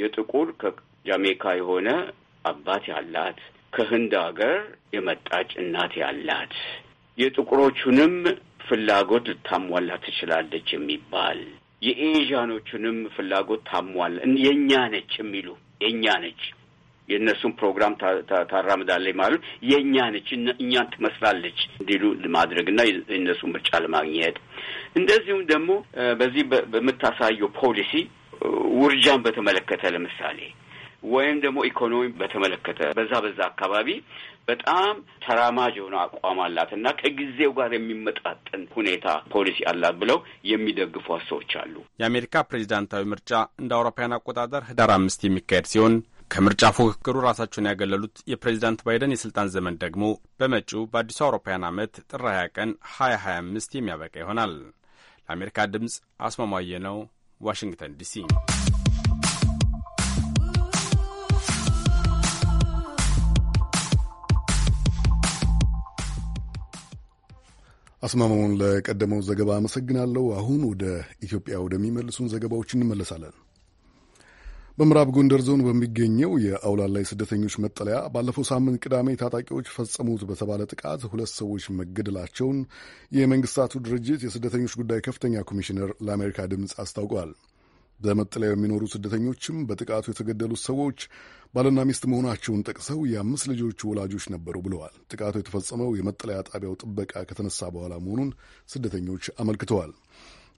የጥቁር ከጃሜካ የሆነ አባት ያላት ከህንድ ሀገር የመጣች እናት ያላት የጥቁሮቹንም ፍላጎት ልታሟላ ትችላለች የሚባል የኤዥያኖቹንም ፍላጎት ታሟላ የእኛ ነች የሚሉ የእኛ ነች የእነሱን ፕሮግራም ታራምዳለች ማለት የእኛ ነች፣ እኛን ትመስላለች እንዲሉ ለማድረግና የእነሱ ምርጫ ለማግኘት እንደዚሁም ደግሞ በዚህ በምታሳየው ፖሊሲ ውርጃን በተመለከተ ለምሳሌ ወይም ደግሞ ኢኮኖሚ በተመለከተ በዛ በዛ አካባቢ በጣም ተራማጅ የሆነ አቋም አላት እና ከጊዜው ጋር የሚመጣጠን ሁኔታ ፖሊሲ አላት ብለው የሚደግፏት ሰዎች አሉ። የአሜሪካ ፕሬዚዳንታዊ ምርጫ እንደ አውሮፓውያን አቆጣጠር ህዳር አምስት የሚካሄድ ሲሆን ከምርጫ ፉክክሩ ራሳቸውን ያገለሉት የፕሬዚዳንት ባይደን የስልጣን ዘመን ደግሞ በመጪው በአዲሱ አውሮፓውያን ዓመት ጥር 20 ቀን 2025 የሚያበቃ ይሆናል። ለአሜሪካ ድምፅ አስማማየ ነው፣ ዋሽንግተን ዲሲ። አስማማውን ለቀደመው ዘገባ አመሰግናለሁ። አሁን ወደ ኢትዮጵያ ወደሚመልሱን ዘገባዎች እንመለሳለን። በምዕራብ ጎንደር ዞን በሚገኘው የአውላላይ ስደተኞች መጠለያ ባለፈው ሳምንት ቅዳሜ ታጣቂዎች ፈጸሙት በተባለ ጥቃት ሁለት ሰዎች መገደላቸውን የመንግስታቱ ድርጅት የስደተኞች ጉዳይ ከፍተኛ ኮሚሽነር ለአሜሪካ ድምፅ አስታውቋል። በመጠለያው የሚኖሩ ስደተኞችም በጥቃቱ የተገደሉት ሰዎች ባልና ሚስት መሆናቸውን ጠቅሰው የአምስት ልጆቹ ወላጆች ነበሩ ብለዋል። ጥቃቱ የተፈጸመው የመጠለያ ጣቢያው ጥበቃ ከተነሳ በኋላ መሆኑን ስደተኞች አመልክተዋል።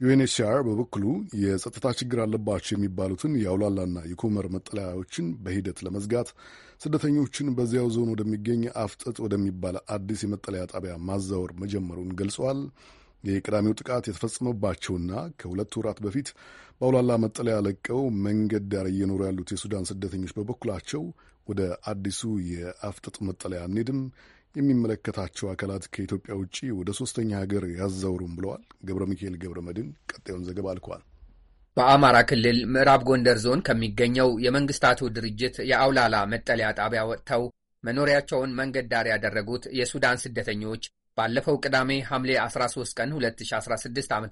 ዩኤንኤችሲአር በበኩሉ የጸጥታ ችግር አለባቸው የሚባሉትን የአውላላና የኮመር መጠለያዎችን በሂደት ለመዝጋት ስደተኞችን በዚያው ዞን ወደሚገኝ አፍጠጥ ወደሚባል አዲስ የመጠለያ ጣቢያ ማዛወር መጀመሩን ገልጸዋል። የቅዳሜው ጥቃት የተፈጸመባቸውና ከሁለት ወራት በፊት በአውላላ መጠለያ ለቀው መንገድ ዳር እየኖሩ ያሉት የሱዳን ስደተኞች በበኩላቸው ወደ አዲሱ የአፍጠጥ መጠለያ አንሄድም፣ የሚመለከታቸው አካላት ከኢትዮጵያ ውጭ ወደ ሶስተኛ ሀገር ያዛውሩም ብለዋል። ገብረ ሚካኤል ገብረ መድን ቀጣዩን ዘገባ አልከዋል። በአማራ ክልል ምዕራብ ጎንደር ዞን ከሚገኘው የመንግስታቱ ድርጅት የአውላላ መጠለያ ጣቢያ ወጥተው መኖሪያቸውን መንገድ ዳር ያደረጉት የሱዳን ስደተኞች ባለፈው ቅዳሜ ሐምሌ 13 ቀን 2016 ዓ ም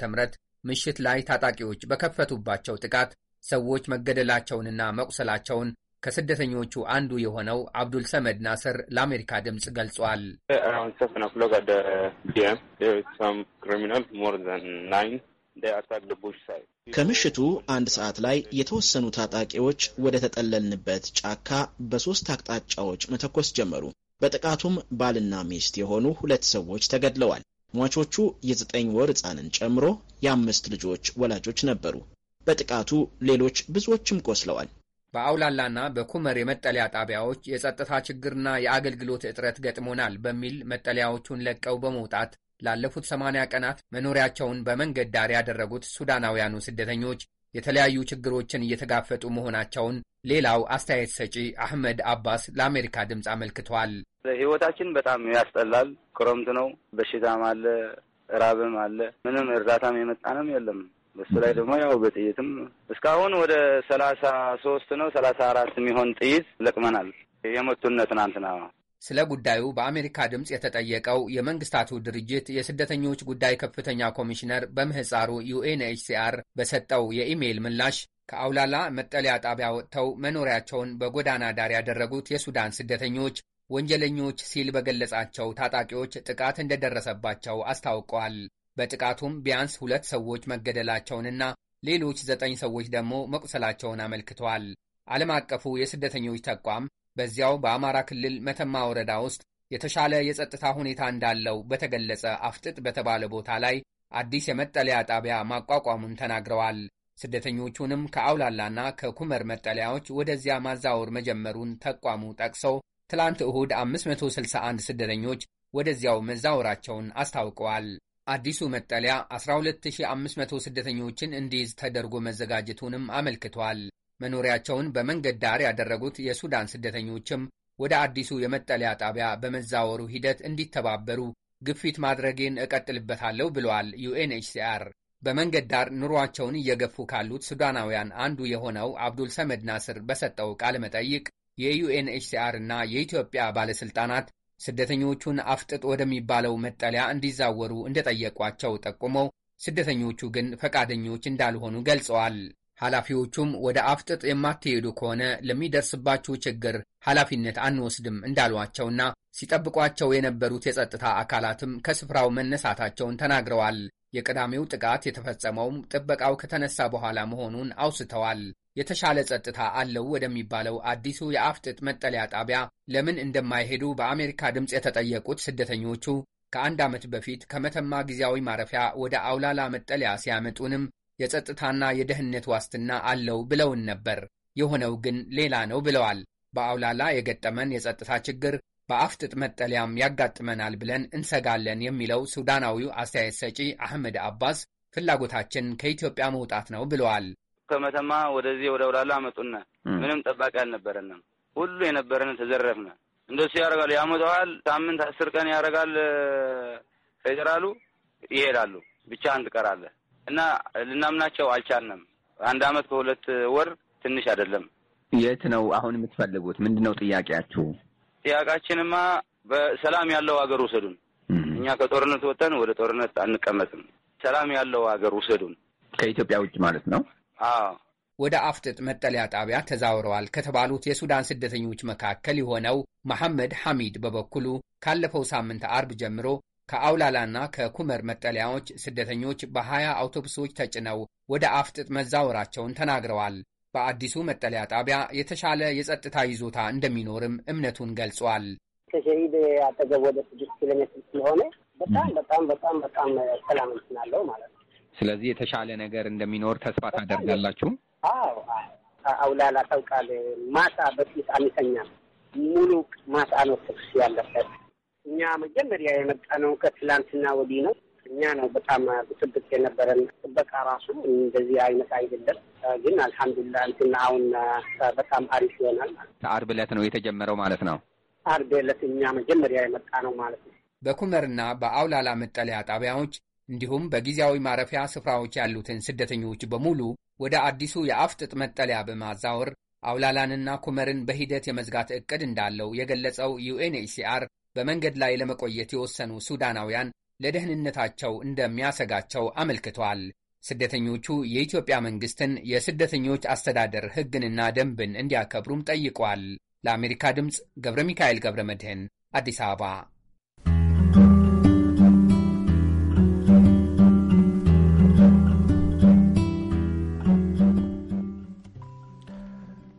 ምሽት ላይ ታጣቂዎች በከፈቱባቸው ጥቃት ሰዎች መገደላቸውንና መቁሰላቸውን ከስደተኞቹ አንዱ የሆነው አብዱል ሰመድ ናስር ለአሜሪካ ድምፅ ገልጿል። ከምሽቱ አንድ ሰዓት ላይ የተወሰኑ ታጣቂዎች ወደ ተጠለልንበት ጫካ በሦስት አቅጣጫዎች መተኮስ ጀመሩ። በጥቃቱም ባልና ሚስት የሆኑ ሁለት ሰዎች ተገድለዋል። ሟቾቹ የዘጠኝ ወር ሕፃንን ጨምሮ የአምስት ልጆች ወላጆች ነበሩ። በጥቃቱ ሌሎች ብዙዎችም ቆስለዋል። በአውላላና በኩመር የመጠለያ ጣቢያዎች የጸጥታ ችግርና የአገልግሎት እጥረት ገጥሞናል በሚል መጠለያዎቹን ለቀው በመውጣት ላለፉት ሰማንያ ቀናት መኖሪያቸውን በመንገድ ዳር ያደረጉት ሱዳናውያኑ ስደተኞች የተለያዩ ችግሮችን እየተጋፈጡ መሆናቸውን ሌላው አስተያየት ሰጪ አህመድ አባስ ለአሜሪካ ድምፅ አመልክቷል። ሕይወታችን በጣም ያስጠላል። ክረምት ነው፣ በሽታም አለ፣ ራብም አለ። ምንም እርዳታም የመጣንም የለም። በሱ ላይ ደግሞ ያው በጥይትም እስካሁን ወደ ሰላሳ ሶስት ነው ሰላሳ አራት የሚሆን ጥይት ለቅመናል። የመቱነ ትናንትና ስለ ጉዳዩ በአሜሪካ ድምፅ የተጠየቀው የመንግስታቱ ድርጅት የስደተኞች ጉዳይ ከፍተኛ ኮሚሽነር በምህፃሩ ዩኤንኤችሲአር በሰጠው የኢሜይል ምላሽ ከአውላላ መጠለያ ጣቢያ ወጥተው መኖሪያቸውን በጎዳና ዳር ያደረጉት የሱዳን ስደተኞች ወንጀለኞች ሲል በገለጻቸው ታጣቂዎች ጥቃት እንደደረሰባቸው አስታውቀዋል። በጥቃቱም ቢያንስ ሁለት ሰዎች መገደላቸውንና ሌሎች ዘጠኝ ሰዎች ደግሞ መቁሰላቸውን አመልክተዋል። ዓለም አቀፉ የስደተኞች ተቋም በዚያው በአማራ ክልል መተማ ወረዳ ውስጥ የተሻለ የጸጥታ ሁኔታ እንዳለው በተገለጸ አፍጥጥ በተባለ ቦታ ላይ አዲስ የመጠለያ ጣቢያ ማቋቋሙን ተናግረዋል። ስደተኞቹንም ከአውላላና ከኩመር መጠለያዎች ወደዚያ ማዛወር መጀመሩን ተቋሙ ጠቅሶ ትላንት እሁድ 561 ስደተኞች ወደዚያው መዛወራቸውን አስታውቀዋል። አዲሱ መጠለያ 12500 ስደተኞችን እንዲይዝ ተደርጎ መዘጋጀቱንም አመልክቷል። መኖሪያቸውን በመንገድ ዳር ያደረጉት የሱዳን ስደተኞችም ወደ አዲሱ የመጠለያ ጣቢያ በመዛወሩ ሂደት እንዲተባበሩ ግፊት ማድረጌን እቀጥልበታለሁ ብለዋል ዩኤንኤችሲአር። በመንገድ ዳር ኑሯቸውን እየገፉ ካሉት ሱዳናውያን አንዱ የሆነው አብዱል ሰመድ ናስር በሰጠው ቃለ መጠይቅ የዩኤንኤችሲአር እና የኢትዮጵያ ባለሥልጣናት ስደተኞቹን አፍጥጥ ወደሚባለው መጠለያ እንዲዛወሩ እንደጠየቋቸው ጠቁመው ስደተኞቹ ግን ፈቃደኞች እንዳልሆኑ ገልጸዋል። ኃላፊዎቹም ወደ አፍጥጥ የማትሄዱ ከሆነ ለሚደርስባችሁ ችግር ኃላፊነት አንወስድም እንዳሏቸውና ሲጠብቋቸው የነበሩት የጸጥታ አካላትም ከስፍራው መነሳታቸውን ተናግረዋል። የቅዳሜው ጥቃት የተፈጸመውም ጥበቃው ከተነሳ በኋላ መሆኑን አውስተዋል። የተሻለ ጸጥታ አለው ወደሚባለው አዲሱ የአፍጥጥ መጠለያ ጣቢያ ለምን እንደማይሄዱ በአሜሪካ ድምፅ የተጠየቁት ስደተኞቹ ከአንድ ዓመት በፊት ከመተማ ጊዜያዊ ማረፊያ ወደ አውላላ መጠለያ ሲያመጡንም የጸጥታና የደህንነት ዋስትና አለው ብለውን ነበር። የሆነው ግን ሌላ ነው ብለዋል። በአውላላ የገጠመን የጸጥታ ችግር በአፍጥጥ መጠለያም ያጋጥመናል ብለን እንሰጋለን የሚለው ሱዳናዊው አስተያየት ሰጪ አህመድ አባስ ፍላጎታችን ከኢትዮጵያ መውጣት ነው ብለዋል። ከመተማ ወደዚህ ወደ አውላላ አመጡና ምንም ጠባቂ አልነበረንም። ሁሉ የነበረን ተዘረፍነ። እንደሱ ያደርጋሉ፣ ያመጣዋል። ሳምንት አስር ቀን ያደርጋል። ፌዴራሉ ይሄዳሉ፣ ብቻ አንድ እና ልናምናቸው አልቻልንም። አንድ አመት ከሁለት ወር ትንሽ አይደለም። የት ነው አሁን የምትፈልጉት? ምንድን ነው ጥያቄያችሁ? ጥያቄያችንማ በሰላም ያለው ሀገር ውሰዱን። እኛ ከጦርነት ወጥተን ወደ ጦርነት አንቀመጥም። ሰላም ያለው ሀገር ውሰዱን። ከኢትዮጵያ ውጭ ማለት ነው። ወደ አፍጥጥ መጠለያ ጣቢያ ተዛውረዋል ከተባሉት የሱዳን ስደተኞች መካከል የሆነው መሐመድ ሐሚድ በበኩሉ ካለፈው ሳምንት አርብ ጀምሮ ከአውላላና ከኩመር መጠለያዎች ስደተኞች በሀያ አውቶቡሶች ተጭነው ወደ አፍጥጥ መዛወራቸውን ተናግረዋል። በአዲሱ መጠለያ ጣቢያ የተሻለ የጸጥታ ይዞታ እንደሚኖርም እምነቱን ገልጿል። ከሸሂድ አጠገብ ወደ ስድስት ኪሎ ሜትር ስለሆነ በጣም በጣም በጣም በጣም ሰላም ማለት ነው ስለዚህ የተሻለ ነገር እንደሚኖር ተስፋ ታደርጋላችሁ? አዎ አውላላ ሰው ቃል ማታ በፊት አንተኛ ሙሉ ማታ ነው ትኩስ ያለበት። እኛ መጀመሪያ የመጣ ነው ከትላንትና ወዲህ ነው። እኛ ነው በጣም ብጥብጥ የነበረን። ጥበቃ ራሱ እንደዚህ አይነት አይደለም፣ ግን አልሐምዱላ እንትና አሁን በጣም አሪፍ ይሆናል ማለት ነው። አርብ ዕለት ነው የተጀመረው ማለት ነው። አርብ ዕለት እኛ መጀመሪያ የመጣ ነው ማለት ነው። በኩመርና በአውላላ መጠለያ ጣቢያዎች እንዲሁም በጊዜያዊ ማረፊያ ስፍራዎች ያሉትን ስደተኞች በሙሉ ወደ አዲሱ የአፍጥጥ መጠለያ በማዛወር አውላላንና ኩመርን በሂደት የመዝጋት ዕቅድ እንዳለው የገለጸው ዩኤንኤችሲአር በመንገድ ላይ ለመቆየት የወሰኑ ሱዳናውያን ለደህንነታቸው እንደሚያሰጋቸው አመልክቷል። ስደተኞቹ የኢትዮጵያ መንግሥትን የስደተኞች አስተዳደር ሕግንና ደንብን እንዲያከብሩም ጠይቋል። ለአሜሪካ ድምፅ ገብረ ሚካኤል ገብረ መድህን አዲስ አበባ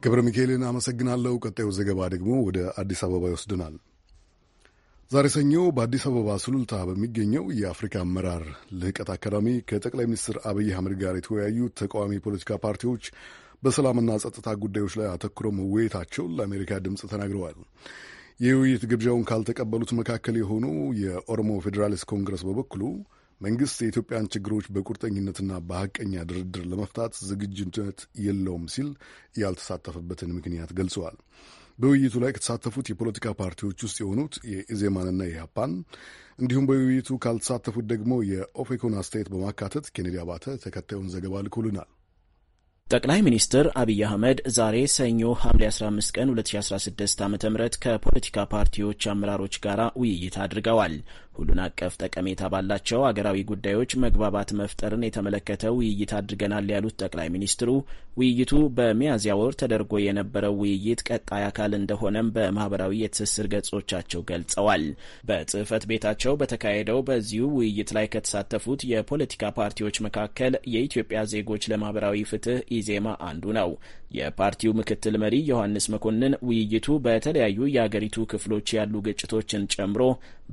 ገብረ ሚካኤልን አመሰግናለሁ። ቀጣዩ ዘገባ ደግሞ ወደ አዲስ አበባ ይወስድናል። ዛሬ ሰኞ በአዲስ አበባ ሱሉልታ በሚገኘው የአፍሪካ አመራር ልህቀት አካዳሚ ከጠቅላይ ሚኒስትር አብይ አህመድ ጋር የተወያዩ ተቃዋሚ የፖለቲካ ፓርቲዎች በሰላምና ጸጥታ ጉዳዮች ላይ አተኩረው መወየታቸውን ለአሜሪካ ድምፅ ተናግረዋል። የውይይት ግብዣውን ካልተቀበሉት መካከል የሆኑ የኦሮሞ ፌዴራሊስት ኮንግረስ በበኩሉ መንግስት የኢትዮጵያን ችግሮች በቁርጠኝነትና በሀቀኛ ድርድር ለመፍታት ዝግጅነት የለውም ሲል ያልተሳተፈበትን ምክንያት ገልጸዋል። በውይይቱ ላይ ከተሳተፉት የፖለቲካ ፓርቲዎች ውስጥ የሆኑት የኢዜማንና የኢህአፓን እንዲሁም በውይይቱ ካልተሳተፉት ደግሞ የኦፌኮን አስተያየት በማካተት ኬኔዲ አባተ ተከታዩን ዘገባ ልኮልናል። ጠቅላይ ሚኒስትር አብይ አህመድ ዛሬ ሰኞ ሐምሌ 15 ቀን 2016 ዓ ም ከፖለቲካ ፓርቲዎች አመራሮች ጋር ውይይት አድርገዋል። ሁሉን አቀፍ ጠቀሜታ ባላቸው አገራዊ ጉዳዮች መግባባት መፍጠርን የተመለከተ ውይይት አድርገናል ያሉት ጠቅላይ ሚኒስትሩ ውይይቱ በሚያዝያ ወር ተደርጎ የነበረው ውይይት ቀጣይ አካል እንደሆነም በማህበራዊ የትስስር ገጾቻቸው ገልጸዋል። በጽህፈት ቤታቸው በተካሄደው በዚሁ ውይይት ላይ ከተሳተፉት የፖለቲካ ፓርቲዎች መካከል የኢትዮጵያ ዜጎች ለማህበራዊ ፍትህ ኢዜማ አንዱ ነው። የፓርቲው ምክትል መሪ ዮሐንስ መኮንን ውይይቱ በተለያዩ የአገሪቱ ክፍሎች ያሉ ግጭቶችን ጨምሮ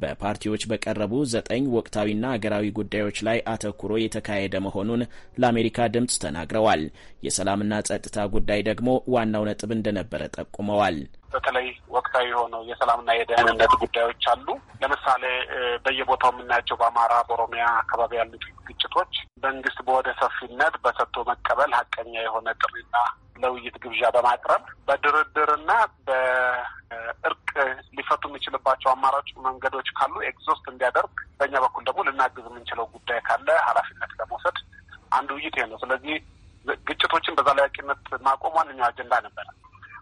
በፓርቲዎች በቀረቡ ዘጠኝ ወቅታዊና አገራዊ ጉዳዮች ላይ አተኩሮ የተካሄደ መሆኑን ለአሜሪካ ድምፅ ተናግረዋል። የሰላምና ጸጥታ ጉዳይ ደግሞ ዋናው ነጥብ እንደነበረ ጠቁመዋል። በተለይ ወቅታዊ የሆነው የሰላምና የደህንነት ጉዳዮች አሉ። ለምሳሌ በየቦታው የምናያቸው በአማራ በኦሮሚያ አካባቢ ያሉት ግጭቶች መንግስት በወደ ሰፊነት በሰጥቶ መቀበል ሀቀኛ የሆነ ጥሪና ለውይይት ግብዣ በማቅረብ በድርድርና በእርቅ ሊፈቱ የሚችልባቸው አማራጭ መንገዶች ካሉ ኤግዞስት እንዲያደርግ፣ በእኛ በኩል ደግሞ ልናግዝ የምንችለው ጉዳይ ካለ ኃላፊነት ለመውሰድ አንዱ ውይይት ይሄ ነው። ስለዚህ ግጭቶችን ያቂነት ማቆም ዋነኛው አጀንዳ ነበረ።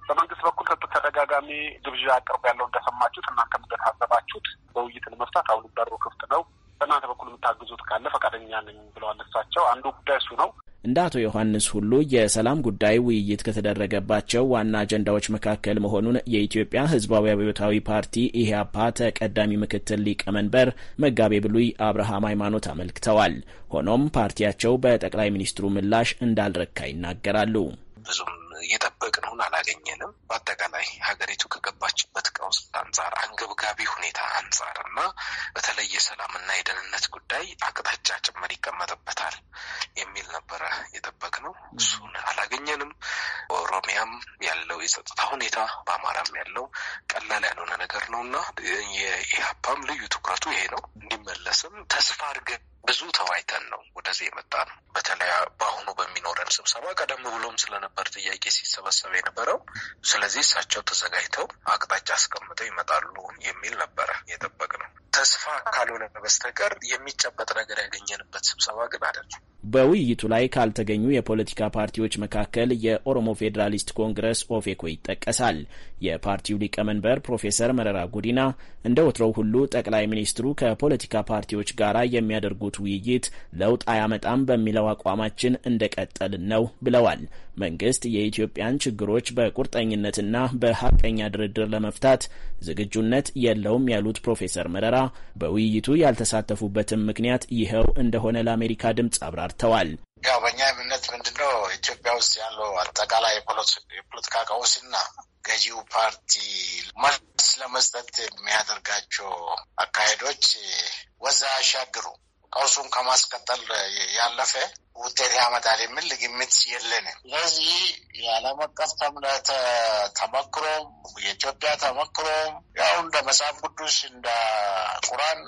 በመንግስት በኩል ሰጡት ተደጋጋሚ ግብዣ አቅርቦ ያለው እንደሰማችሁት እናንተ እንደታዘባችሁት በውይይት ለመፍታት አሁን በሩ ክፍት ነው። በእናንተ በኩል የምታግዙት ካለ ፈቃደኛ ነኝ ብለዋል። እሳቸው አንዱ ጉዳይ እሱ ነው። እንደ አቶ ዮሐንስ ሁሉ የሰላም ጉዳይ ውይይት ከተደረገባቸው ዋና አጀንዳዎች መካከል መሆኑን የኢትዮጵያ ሕዝባዊ አብዮታዊ ፓርቲ ኢህአፓ ተቀዳሚ ምክትል ሊቀመንበር መጋቤ ብሉይ አብርሃም ሃይማኖት አመልክተዋል። ሆኖም ፓርቲያቸው በጠቅላይ ሚኒስትሩ ምላሽ እንዳልረካ ይናገራሉ። ብዙም የጠበቅነውን አላገኘንም። በአጠቃላይ ሀገሪቱ ከገባችበት ቀውስ አንጻር፣ አንገብጋቢ ሁኔታ አንጻር እና በተለይ የሰላምና የደህንነት ጉዳይ አቅጣጫ ጭምር ይቀመጥበታል የሚል ነበረ የጠበቅነው። እሱን አላገኘንም። በኦሮሚያም ያለው የጸጥታ ሁኔታ በአማራም ያለው ቀላል ያልሆነ ነገር ነው እና የኢህአፓም ልዩ ትኩረቱ ይሄ ነው። በውይይቱ ላይ ካልተገኙ የፖለቲካ ፓርቲዎች መካከል የኦሮሞ ፌዴራሊስት ኮንግረስ ኦፌኮ ይጠቀሳል። የፓርቲው ሊቀመንበር ፕሮፌሰር መረራ ጉዲና እንደ ወትሮው ሁሉ ጠቅላይ ሚኒስትሩ ከፖለቲካ ፓርቲዎች ጋር የሚያደርጉት ውይይት ለውጥ አያመጣም በሚለው አቋማችን እንደቀጠልን ነው ብለዋል። መንግስት የኢትዮጵያን ችግሮች በቁርጠኝነትና በሀቀኛ ድርድር ለመፍታት ዝግጁነት የለውም ያሉት ፕሮፌሰር መረራ በውይይቱ ያልተሳተፉበትም ምክንያት ይኸው እንደሆነ ለአሜሪካ ድምፅ አብራርተዋል። ያው በእኛ እምነት ምንድነው ኢትዮጵያ ውስጥ ያለው አጠቃላይ የፖለቲካ ቀውስና ገዢው ፓርቲ መልስ ለመስጠት የሚያደርጋቸው አካሄዶች ወዛ ያሻግሩ ቀውሱን ከማስቀጠል ያለፈ ውጤት ያመጣል የሚል ግምት የለንም። ስለዚህ የዓለም አቀፍ ተምነት ተመክሮም የኢትዮጵያ ተመክሮም ያው እንደ መጽሐፍ ቅዱስ እንደ ቁራን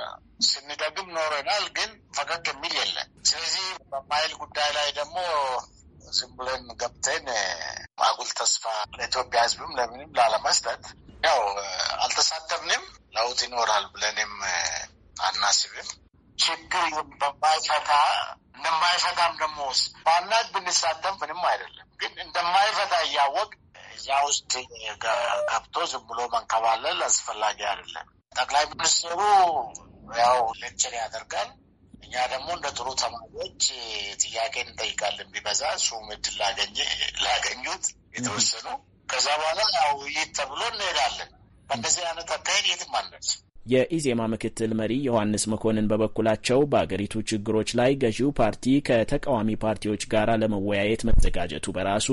ስንደግም ኖረናል፣ ግን ፈቀቅ የሚል የለን። ስለዚህ በማይል ጉዳይ ላይ ደግሞ ዝም ብለን ገብተን ማጉል ተስፋ ለኢትዮጵያ ሕዝብም ለምንም ላለመስጠት ያው አልተሳተፍንም። ለውጥ ይኖራል ብለንም አናስብም። ችግር በማይፈታ እንደማይፈታም ደግሞ ባናት ብንሳተፍ ምንም አይደለም፣ ግን እንደማይፈታ እያወቅ እዛ ውስጥ ገብቶ ዝም ብሎ መንከባለል አስፈላጊ አይደለም። ጠቅላይ ሚኒስትሩ ያው ሌክቸር ያደርጋል። እኛ ደግሞ እንደ ጥሩ ተማሪዎች ጥያቄ እንጠይቃለን። ቢበዛ እሱም እድል ላገኙት የተወሰኑ ከዛ በኋላ ያው ውይይት ተብሎ እንሄዳለን። በእንደዚህ አይነት አካሄድ የትም አንደርስም። የኢዜማ ምክትል መሪ ዮሐንስ መኮንን በበኩላቸው በአገሪቱ ችግሮች ላይ ገዢው ፓርቲ ከተቃዋሚ ፓርቲዎች ጋር ለመወያየት መዘጋጀቱ በራሱ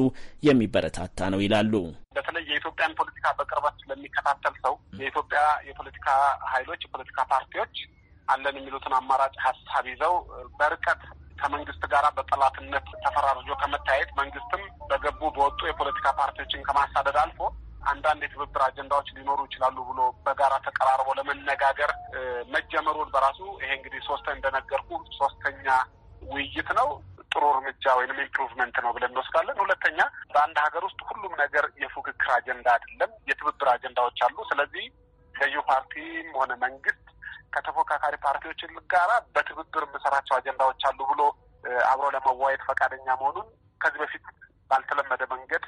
የሚበረታታ ነው ይላሉ። በተለይ የኢትዮጵያን ፖለቲካ በቅርበት ለሚከታተል ሰው የኢትዮጵያ የፖለቲካ ኃይሎች፣ የፖለቲካ ፓርቲዎች አለን የሚሉትን አማራጭ ሀሳብ ይዘው በርቀት ከመንግስት ጋር በጠላትነት ተፈራርጆ ከመታየት መንግስትም በገቡ በወጡ የፖለቲካ ፓርቲዎችን ከማሳደድ አልፎ አንዳንድ የትብብር አጀንዳዎች ሊኖሩ ይችላሉ ብሎ በጋራ ተቀራርቦ ለመነጋገር መጀመሩን በራሱ ይሄ እንግዲህ ሶስተ እንደነገርኩ ሶስተኛ ውይይት ነው። ጥሩ እርምጃ ወይም ኢምፕሩቭመንት ነው ብለን እንወስዳለን። ሁለተኛ በአንድ ሀገር ውስጥ ሁሉም ነገር የፉክክር አጀንዳ አይደለም፣ የትብብር አጀንዳዎች አሉ። ስለዚህ ገዢው ፓርቲም ሆነ መንግስት ከተፎካካሪ ፓርቲዎች ጋራ በትብብር የምሰራቸው አጀንዳዎች አሉ ብሎ አብሮ ለመዋየት ፈቃደኛ መሆኑን ከዚህ በፊት ባልተለመደ መንገድ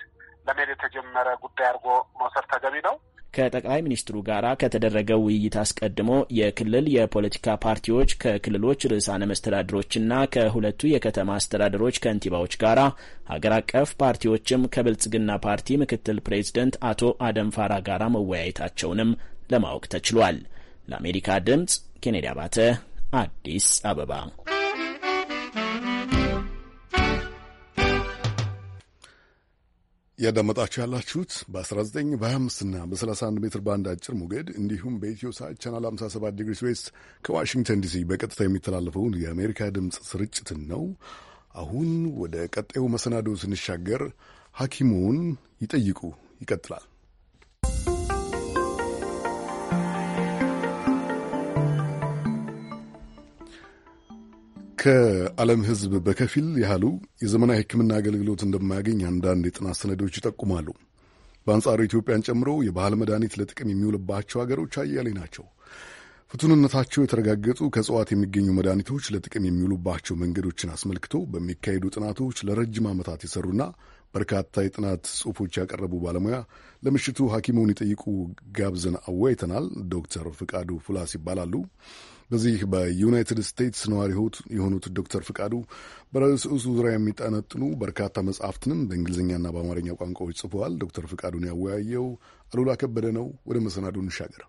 ለመሄድ የተጀመረ ጉዳይ አድርጎ መውሰድ ተገቢ ነው። ከጠቅላይ ሚኒስትሩ ጋር ከተደረገ ውይይት አስቀድሞ የክልል የፖለቲካ ፓርቲዎች ከክልሎች ርዕሳነ መስተዳድሮችና ከሁለቱ የከተማ አስተዳደሮች ከንቲባዎች ጋር ሀገር አቀፍ ፓርቲዎችም ከብልጽግና ፓርቲ ምክትል ፕሬዚደንት አቶ አደም ፋራ ጋር መወያየታቸውንም ለማወቅ ተችሏል። ለአሜሪካ ድምጽ ኬኔዲ አባተ አዲስ አበባ እያዳመጣችሁ ያላችሁት በ19 በ25ና በ31 ሜትር ባንድ አጭር ሞገድ እንዲሁም በኢትዮ ሳት ቻናል 57 ዲግሪ ዌስት ከዋሽንግተን ዲሲ በቀጥታ የሚተላለፈውን የአሜሪካ ድምፅ ስርጭትን ነው። አሁን ወደ ቀጣዩ መሰናዶ ስንሻገር ሐኪሙን ይጠይቁ ይቀጥላል። ከዓለም ሕዝብ በከፊል ያህሉ የዘመናዊ ሕክምና አገልግሎት እንደማያገኝ አንዳንድ የጥናት ሰነዶች ይጠቁማሉ። በአንጻሩ ኢትዮጵያን ጨምሮ የባህል መድኃኒት ለጥቅም የሚውልባቸው ሀገሮች አያሌ ናቸው። ፍቱንነታቸው የተረጋገጡ ከእጽዋት የሚገኙ መድኃኒቶች ለጥቅም የሚውሉባቸው መንገዶችን አስመልክቶ በሚካሄዱ ጥናቶች ለረጅም ዓመታት የሰሩና በርካታ የጥናት ጽሑፎች ያቀረቡ ባለሙያ ለምሽቱ ሐኪሙን ይጠይቁ ጋብዘን አወያይተናል። ዶክተር ፍቃዱ ፉላስ ይባላሉ። በዚህ በዩናይትድ ስቴትስ ነዋሪ የሆኑት ዶክተር ፍቃዱ በርዕሱ ዙሪያ የሚጠነጥኑ በርካታ መጽሐፍትንም በእንግሊዝኛና በአማርኛ ቋንቋዎች ጽፈዋል። ዶክተር ፍቃዱን ያወያየው አሉላ ከበደ ነው። ወደ መሰናዱ እንሻገር።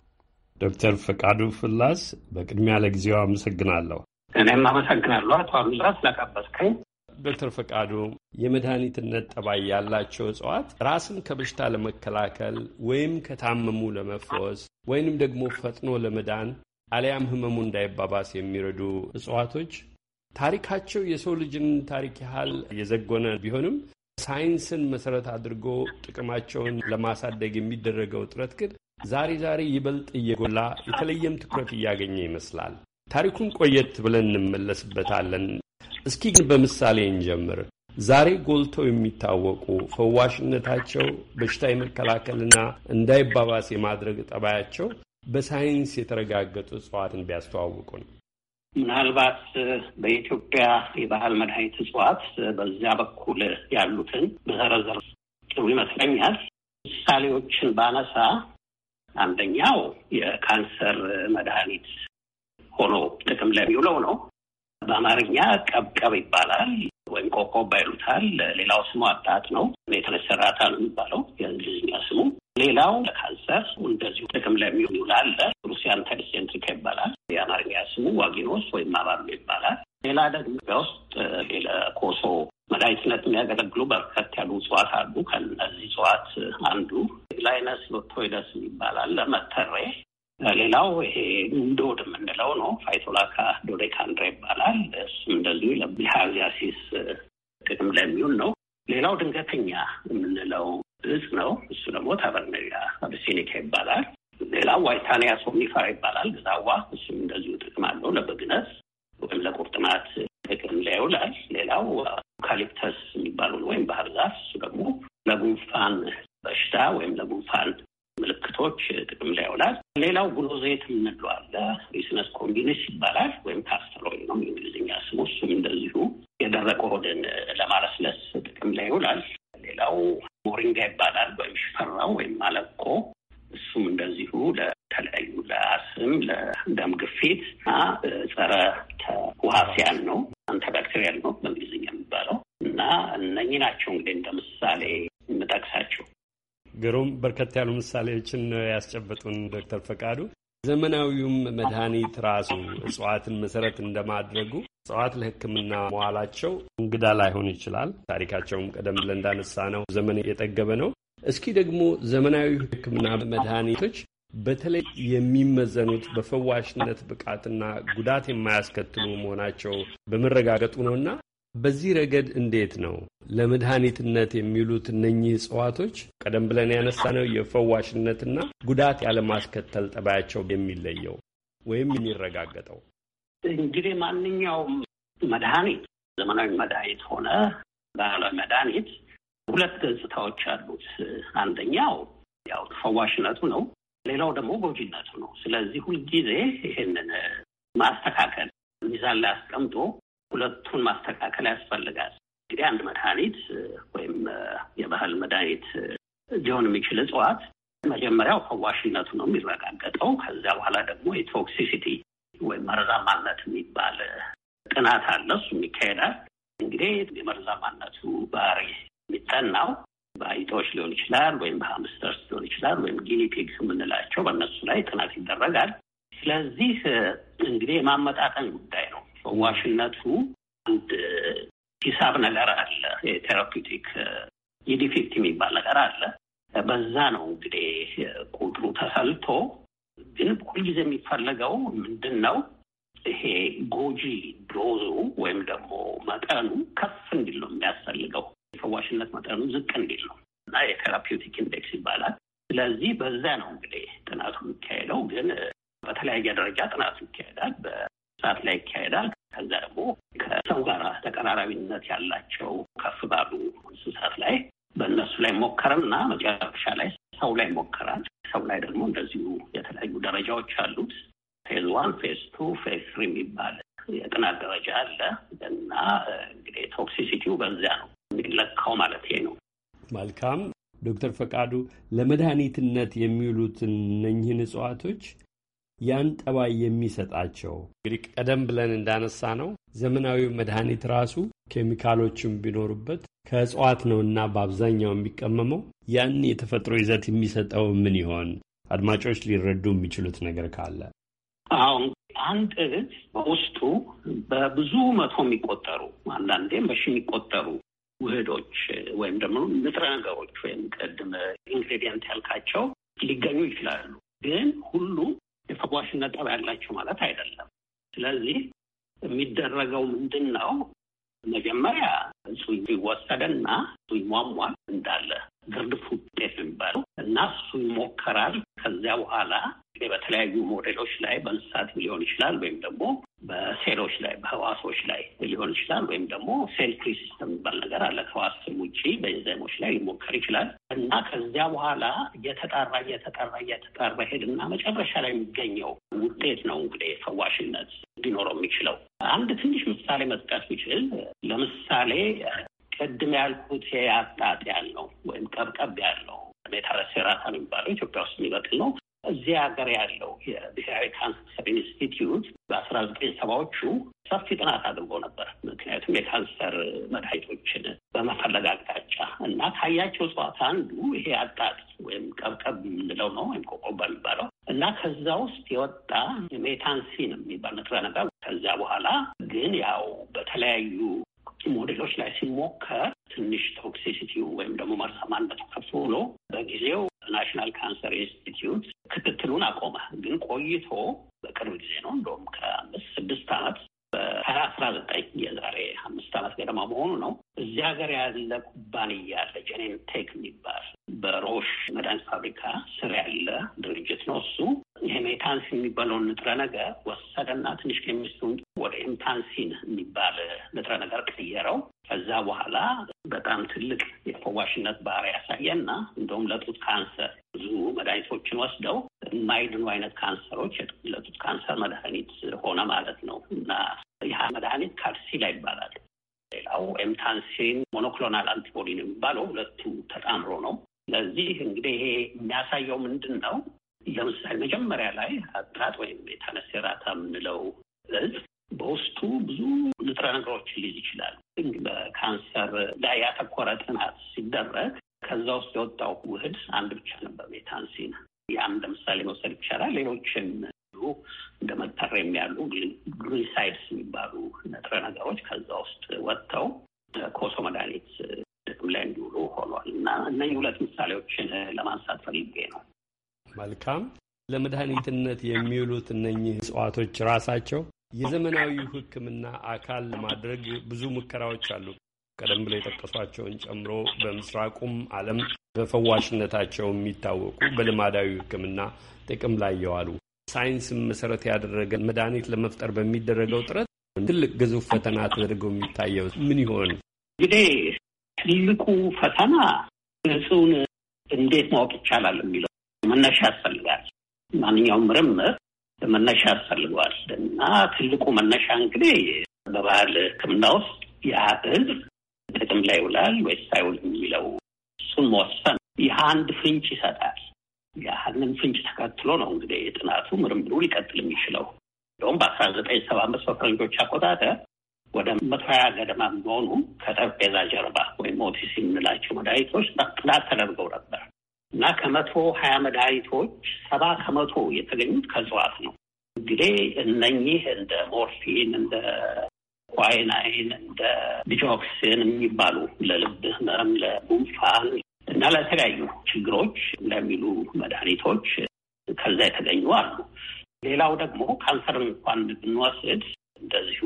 ዶክተር ፍቃዱ ፍላስ፣ በቅድሚያ ለጊዜው አመሰግናለሁ። እኔም አመሰግናለሁ አቶ አሉላ ስለጋበዝከኝ። ዶክተር ፈቃዱ የመድኃኒትነት ጠባይ ያላቸው እጽዋት ራስን ከበሽታ ለመከላከል ወይም ከታመሙ ለመፈወስ ወይንም ደግሞ ፈጥኖ ለመዳን አሊያም ህመሙ እንዳይባባስ የሚረዱ እጽዋቶች ታሪካቸው የሰው ልጅን ታሪክ ያህል የዘጎነ ቢሆንም ሳይንስን መሰረት አድርጎ ጥቅማቸውን ለማሳደግ የሚደረገው ጥረት ግን ዛሬ ዛሬ ይበልጥ እየጎላ የተለየም ትኩረት እያገኘ ይመስላል። ታሪኩን ቆየት ብለን እንመለስበታለን። እስኪ ግን በምሳሌ እንጀምር። ዛሬ ጎልተው የሚታወቁ ፈዋሽነታቸው፣ በሽታ የመከላከልና እንዳይባባስ የማድረግ ጠባያቸው በሳይንስ የተረጋገጡ እጽዋትን ቢያስተዋውቁ ነው። ምናልባት በኢትዮጵያ የባህል መድኃኒት እጽዋት በዚያ በኩል ያሉትን በዘረዘር ጥሩ ይመስለኛል። ምሳሌዎችን ባነሳ አንደኛው የካንሰር መድኃኒት ሆኖ ጥቅም ለሚውለው ነው። በአማርኛ ቀብቀብ ይባላል ወይም ቆቆባ ይሉታል። ሌላው ስሙ አጣት ነው። የተነሰራታ ነው የሚባለው የእንግሊዝኛ ስሙ። ሌላው ለካንሰር እንደዚሁ ጥቅም ላይ የሚውል አለ። ሩሲያን ተዲሴንትሪካ ይባላል። የአማርኛ ስሙ ዋጊኖስ ወይም አባሉ ይባላል። ሌላ ደግሞ በውስጥ ውስጥ ለኮሶ መድኃኒትነት የሚያገለግሉ በርከት ያሉ እጽዋት አሉ። ከነዚህ እጽዋት አንዱ ላይነስ ሎቶይደስ ይባላል ለመተሬ። ሌላው ይሄ እንዶድ የምንለው ነው። ፋይቶላካ ዶዴካንድራ ይባላል። እሱም እንደዚሁ ለቢሃዚያሲስ ጥቅም ላይ ነው። ሌላው ድንገተኛ የምንለው እጽ ነው። እሱ ደግሞ ታበርኔሊያ አብሲኒካ ይባላል። ሌላ ዋይታኒያ ሶምኒፈራ ይባላል። ግዛዋ እሱም እንደዚሁ ጥቅም አለው። ለበግነት ወይም ለቁርጥማት ጥቅም ላይ ይውላል። ሌላው ዩካሊፕተስ የሚባሉ ወይም ባህር ዛፍ እሱ ደግሞ ለጉንፋን በሽታ ወይም ለጉንፋን ምልክቶች ጥቅም ላይ ይውላል። ሌላው ጉሎ ዘይት የምንለው አለ። ሪስነስ ኮምቢኒስ ይባላል ወይም ካስተሮል ነው የእንግሊዝኛ ስሙ። እሱም እንደዚሁ የደረቀ ሆድን ለማለስለስ ጥቅም ላይ ይውላል። ሌላው ሞሪንጋ ይባላል ወይም ሽፈራው ወይም አለቆ እሱም እንደዚሁ ለተለያዩ ለአስም፣ ለደም ግፊት እና ጸረ ተዋሲያን ነው። አንታባክቴሪያል ነው በእንግሊዝኛ የሚባለው እና እነኚህ ናቸው እንግዲህ እንደ ምሳሌ የምጠቅሳቸው። ግሩም በርከት ያሉ ምሳሌዎችን ያስጨበጡን ዶክተር ፈቃዱ ዘመናዊውም መድኃኒት ራሱ እጽዋትን መሰረት እንደማድረጉ እጽዋት ለሕክምና መዋላቸው እንግዳ ላይሆን ይችላል። ታሪካቸውም ቀደም ብለን እንዳነሳ ነው ዘመን የጠገበ ነው። እስኪ ደግሞ ዘመናዊ ሕክምና መድኃኒቶች በተለይ የሚመዘኑት በፈዋሽነት ብቃትና ጉዳት የማያስከትሉ መሆናቸው በመረጋገጡ ነውና በዚህ ረገድ እንዴት ነው ለመድኃኒትነት የሚውሉት እነኚህ እጽዋቶች ቀደም ብለን ያነሳነው የፈዋሽነትና ጉዳት ያለማስከተል ጠባያቸው የሚለየው ወይም የሚረጋገጠው? እንግዲህ ማንኛውም መድኃኒት ዘመናዊ መድኃኒት ሆነ ባህላዊ መድኃኒት ሁለት ገጽታዎች አሉት። አንደኛው ያው ፈዋሽነቱ ነው። ሌላው ደግሞ ጎጂነቱ ነው። ስለዚህ ሁልጊዜ ይህንን ማስተካከል ሚዛን ላይ አስቀምጦ ሁለቱን ማስተካከል ያስፈልጋል። እንግዲህ አንድ መድኃኒት ወይም የባህል መድኃኒት ሊሆን የሚችል እጽዋት መጀመሪያው ፈዋሽነቱ ነው የሚረጋገጠው። ከዚያ በኋላ ደግሞ የቶክሲሲቲ ወይም መርዛማነት የሚባል ጥናት አለ። እሱም ይካሄዳል። እንግዲህ የመርዛማነቱ ባህሪ የሚጠናው በአይጦች ሊሆን ይችላል፣ ወይም በሀምስተርስ ሊሆን ይችላል፣ ወይም ጊኒፒግ የምንላቸው በእነሱ ላይ ጥናት ይደረጋል። ስለዚህ እንግዲህ የማመጣጠን ጉዳይ ነው። ፈዋሽነቱ አንድ ሂሳብ ነገር አለ። የቴራፒቲክ የዲፌክት የሚባል ነገር አለ። በዛ ነው እንግዲህ ቁጥሩ ተሰልቶ ግን ሁልጊዜ የሚፈለገው ምንድን ነው? ይሄ ጎጂ ዶዙ ወይም ደግሞ መጠኑ ከፍ እንዲል ነው የሚያስፈልገው። የፈዋሽነት መጠኑ ዝቅ እንዲል ነው እና የቴራፒውቲክ ኢንዴክስ ይባላል። ስለዚህ በዛ ነው እንግዲህ ጥናቱ የሚካሄደው። ግን በተለያየ ደረጃ ጥናቱ ይካሄዳል። በእንስሳት ላይ ይካሄዳል። ከዛ ደግሞ ከሰው ጋር ተቀራራቢነት ያላቸው ከፍ ባሉ እንስሳት ላይ በእነሱ ላይ ሞከርና መጨረሻ ላይ ሰው ላይ ይሞከራል። ሰው ላይ ደግሞ እንደዚሁ የተለያዩ ደረጃዎች አሉት። ፌዝ ዋን፣ ፌዝ ቱ፣ ፌዝ ትሪ የሚባል የጥናት ደረጃ አለ እና እንግዲህ ቶክሲሲቲው በዚያ ነው የሚለካው ማለት ነው። መልካም ዶክተር ፈቃዱ ለመድኃኒትነት የሚውሉት እነኝህን እጽዋቶች ያን ጠባይ የሚሰጣቸው እንግዲህ ቀደም ብለን እንዳነሳ ነው ዘመናዊ መድኃኒት ራሱ ኬሚካሎችም ቢኖሩበት ከእጽዋት ነውና በአብዛኛው የሚቀመመው ያን የተፈጥሮ ይዘት የሚሰጠው ምን ይሆን? አድማጮች ሊረዱ የሚችሉት ነገር ካለ አሁን አንድ በውስጡ በብዙ መቶ የሚቆጠሩ አንዳንዴም በሺ የሚቆጠሩ ውህዶች ወይም ደግሞ ንጥረ ነገሮች ወይም ቅድም ኢንግሬዲየንት ያልካቸው ሊገኙ ይችላሉ። ግን ሁሉም የተጓሽነት ጠባ ያላቸው ማለት አይደለም። ስለዚህ የሚደረገው ምንድን ነው? መጀመሪያ እሱ ይወሰደና እሱ ይሟሟል እንዳለ ግርድፍ ውጤት የሚባለው እና እሱ ይሞከራል። ከዚያ በኋላ በተለያዩ ሞዴሎች ላይ በእንስሳት ሊሆን ይችላል፣ ወይም ደግሞ በሴሎች ላይ በህዋሶች ላይ ሊሆን ይችላል፣ ወይም ደግሞ ሴል ፍሪ ሲስተም የሚባል ነገር አለ። ከህዋስ ውጭ በኢንዛይሞች ላይ ሊሞከር ይችላል እና ከዚያ በኋላ እየተጣራ እየተጣራ እየተጣራ ሄድና መጨረሻ ላይ የሚገኘው ውጤት ነው እንግዲህ ፈዋሽነት ሊኖረው የሚችለው። አንድ ትንሽ ምሳሌ መጥቀስ ይችል ለምሳሌ ቅድም ያልኩት የአጣጥ ያለው ወይም ቀብቀብ ያለው ሜታረሴራታ የሚባለው ኢትዮጵያ ውስጥ የሚበቅል ነው። እዚህ ሀገር ያለው የብሔራዊ ካንሰር ኢንስቲትዩት በአስራ ዘጠኝ ሰባዎቹ ሰፊ ጥናት አድርጎ ነበር። ምክንያቱም የካንሰር መድኃኒቶችን በመፈለግ አቅጣጫ እና ካያቸው እጽዋት አንዱ ይሄ አጣጥ ወይም ቀብቀብ የምንለው ነው ወይም ቆቆ በሚባለው እና ከዛ ውስጥ የወጣ ሜታንሲን የሚባል ንጥረ ነገር ከዚያ በኋላ ግን ያው በተለያዩ ሞዴሎች ላይ ሲሞከር ትንሽ ቶክሲሲቲ ወይም ደግሞ መርዛማነቱ ከፍ ብሎ በጊዜው ናሽናል ካንሰር ኢንስቲትዩት ክትትሉን አቆመ። ግን ቆይቶ በቅርብ ጊዜ ነው እንደውም ከአምስት ስድስት ዓመት በሀያ አስራ ዘጠኝ የዛሬ አምስት ዓመት ገደማ መሆኑ ነው። እዚህ ሀገር ያለ ኩባንያ አለ ጀኔን ቴክ የሚባል በሮሽ መድኃኒት ፋብሪካ ስር ያለ ድርጅት ነው። እሱ ሄሜታንስ የሚባለውን ንጥረ ነገር ወሰደና ትንሽ ኬሚስቱን ወደ ኢምታንሲን የሚባል ንጥረ ነገር ቀየረው። ከዛ በኋላ በጣም ትልቅ የፈዋሽነት ባህሪ ያሳየና እንደውም ለጡት ካንሰር ብዙ መድኃኒቶችን ወስደው የማይድኑ አይነት ካንሰሮች ለጡት ካንሰር መድኃኒት ሆነ ማለት ነው እና ይህ መድኃኒት ካልሲላ ይባላል። ሌላው ኤምታንሲን ሞኖክሎናል አንቲቦዲን የሚባለው ሁለቱ ተጣምሮ ነው። ስለዚህ እንግዲህ ይሄ የሚያሳየው ምንድን ነው? ለምሳሌ መጀመሪያ ላይ አጥራት ወይም የታነሴራታ የምንለው እጽ በውስጡ ብዙ ንጥረ ነገሮችን ሊይዝ ይችላል። በካንሰር ላይ ያተኮረ ጥናት ሲደረግ ከዛ ውስጥ የወጣው ውህድ አንድ ብቻ ነበር፣ ሜታንሲን። ያም ለምሳሌ መውሰድ ይቻላል። ሌሎችን እንደ መተሬም ያሉ ግሪሳይድስ የሚባሉ ንጥረ ነገሮች ከዛ ውስጥ ወጥተው ኮሶ መድኃኒት ጥቅም ላይ እንዲውሉ ሆኗል። እና እነዚህ ሁለት ምሳሌዎችን ለማንሳት ፈልጌ ነው። መልካም። ለመድኃኒትነት የሚውሉት እነኚህ እጽዋቶች ራሳቸው የዘመናዊው ሕክምና አካል ለማድረግ ብዙ ሙከራዎች አሉ። ቀደም ብሎ የጠቀሷቸውን ጨምሮ በምስራቁም ዓለም በፈዋሽነታቸው የሚታወቁ በልማዳዊ ሕክምና ጥቅም ላይ የዋሉ ሳይንስን መሰረት ያደረገ መድኃኒት ለመፍጠር በሚደረገው ጥረት ትልቅ ግዙፍ ፈተና ተደርገው የሚታየው ምን ይሆን? እንግዲህ ትልቁ ፈተና እጹን እንዴት ማወቅ ይቻላል የሚለው መነሻ ያስፈልጋል። ማንኛውም ምርምር መነሻ ያስፈልገዋል እና ትልቁ መነሻ እንግዲህ በባህል ሕክምና ውስጥ ያ ህዝብ ጥቅም ላይ ይውላል ወይስ አይውል የሚለው እሱን መወሰን ይህ አንድ ፍንጭ ይሰጣል። ያህንን ፍንጭ ተከትሎ ነው እንግዲህ የጥናቱ ምርምሩ ሊቀጥል የሚችለው። እንደውም በአስራ ዘጠኝ ሰባ አምስት በፈረንጆች አቆጣጠር ወደ መቶ ሀያ ገደማ የሚሆኑ ከጠረጴዛ ጀርባ ወይም ኦቲሲ የምንላቸው መድኃኒቶች ጥናት ተደርገው ነበር። እና ከመቶ ሀያ መድኃኒቶች ሰባ ከመቶ የተገኙት ከእጽዋት ነው። እንግዲህ እነኚህ እንደ ሞርፊን፣ እንደ ኳይናይን፣ እንደ ዲጆክሲን የሚባሉ ለልብ ህመም፣ ለጉንፋን እና ለተለያዩ ችግሮች ለሚሉ መድኃኒቶች ከዛ የተገኙ አሉ። ሌላው ደግሞ ካንሰርን እንኳን ብንወስድ እንደዚሁ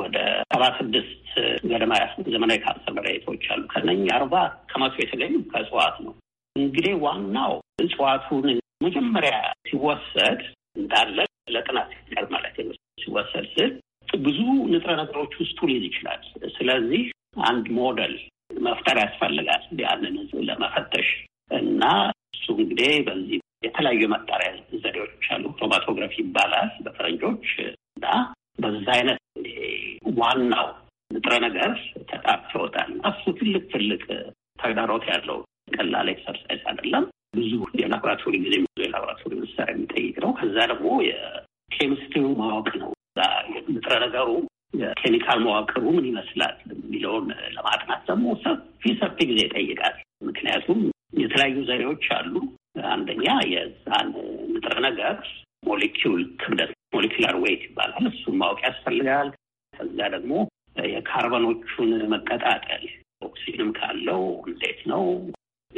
ወደ ሰባ ስድስት ገደማ ዘመናዊ ካንሰር መድኃኒቶች አሉ። ከነኝ አርባ ከመቶ የተገኙ ከእጽዋት ነው። እንግዲህ ዋናው እጽዋቱን መጀመሪያ ሲወሰድ እንዳለ ለጥናት ሲቀር ማለት ሲወሰድ ስል ብዙ ንጥረ ነገሮች ውስጡ ሊይዝ ይችላል። ስለዚህ አንድ ሞዴል መፍጠር ያስፈልጋል ያንን ለመፈተሽ እና እሱ እንግዲህ በዚህ የተለያዩ መጣሪያ ዘዴዎች አሉ። ክሮማቶግራፊ ይባላል በፈረንጆች እና በዛ አይነት ዋናው ንጥረ ነገር ተጣርቶ ይወጣል። እሱ ትልቅ ትልቅ ተግዳሮት ያለው ቀላል ኤክሰርሳይዝ አይደለም። ብዙ የላቦራቶሪ ጊዜ ብዙ የላቦራቶሪ መሳሪያ የሚጠይቅ ነው። ከዛ ደግሞ የኬሚስትሪው ማወቅ ነው። ንጥረ ነገሩ የኬሚካል መዋቅሩ ምን ይመስላል የሚለውን ለማጥናት ደግሞ ሰፊ ሰፊ ጊዜ ይጠይቃል። ምክንያቱም የተለያዩ ዘዴዎች አሉ። አንደኛ የዛን ንጥረ ነገር ሞሌኪውል ክብደት ሞሌኪላር ዌይት ይባላል። እሱን ማወቅ ያስፈልጋል። ከዛ ደግሞ የካርበኖቹን መቀጣጠል ኦክሲጅንም ካለው እንዴት ነው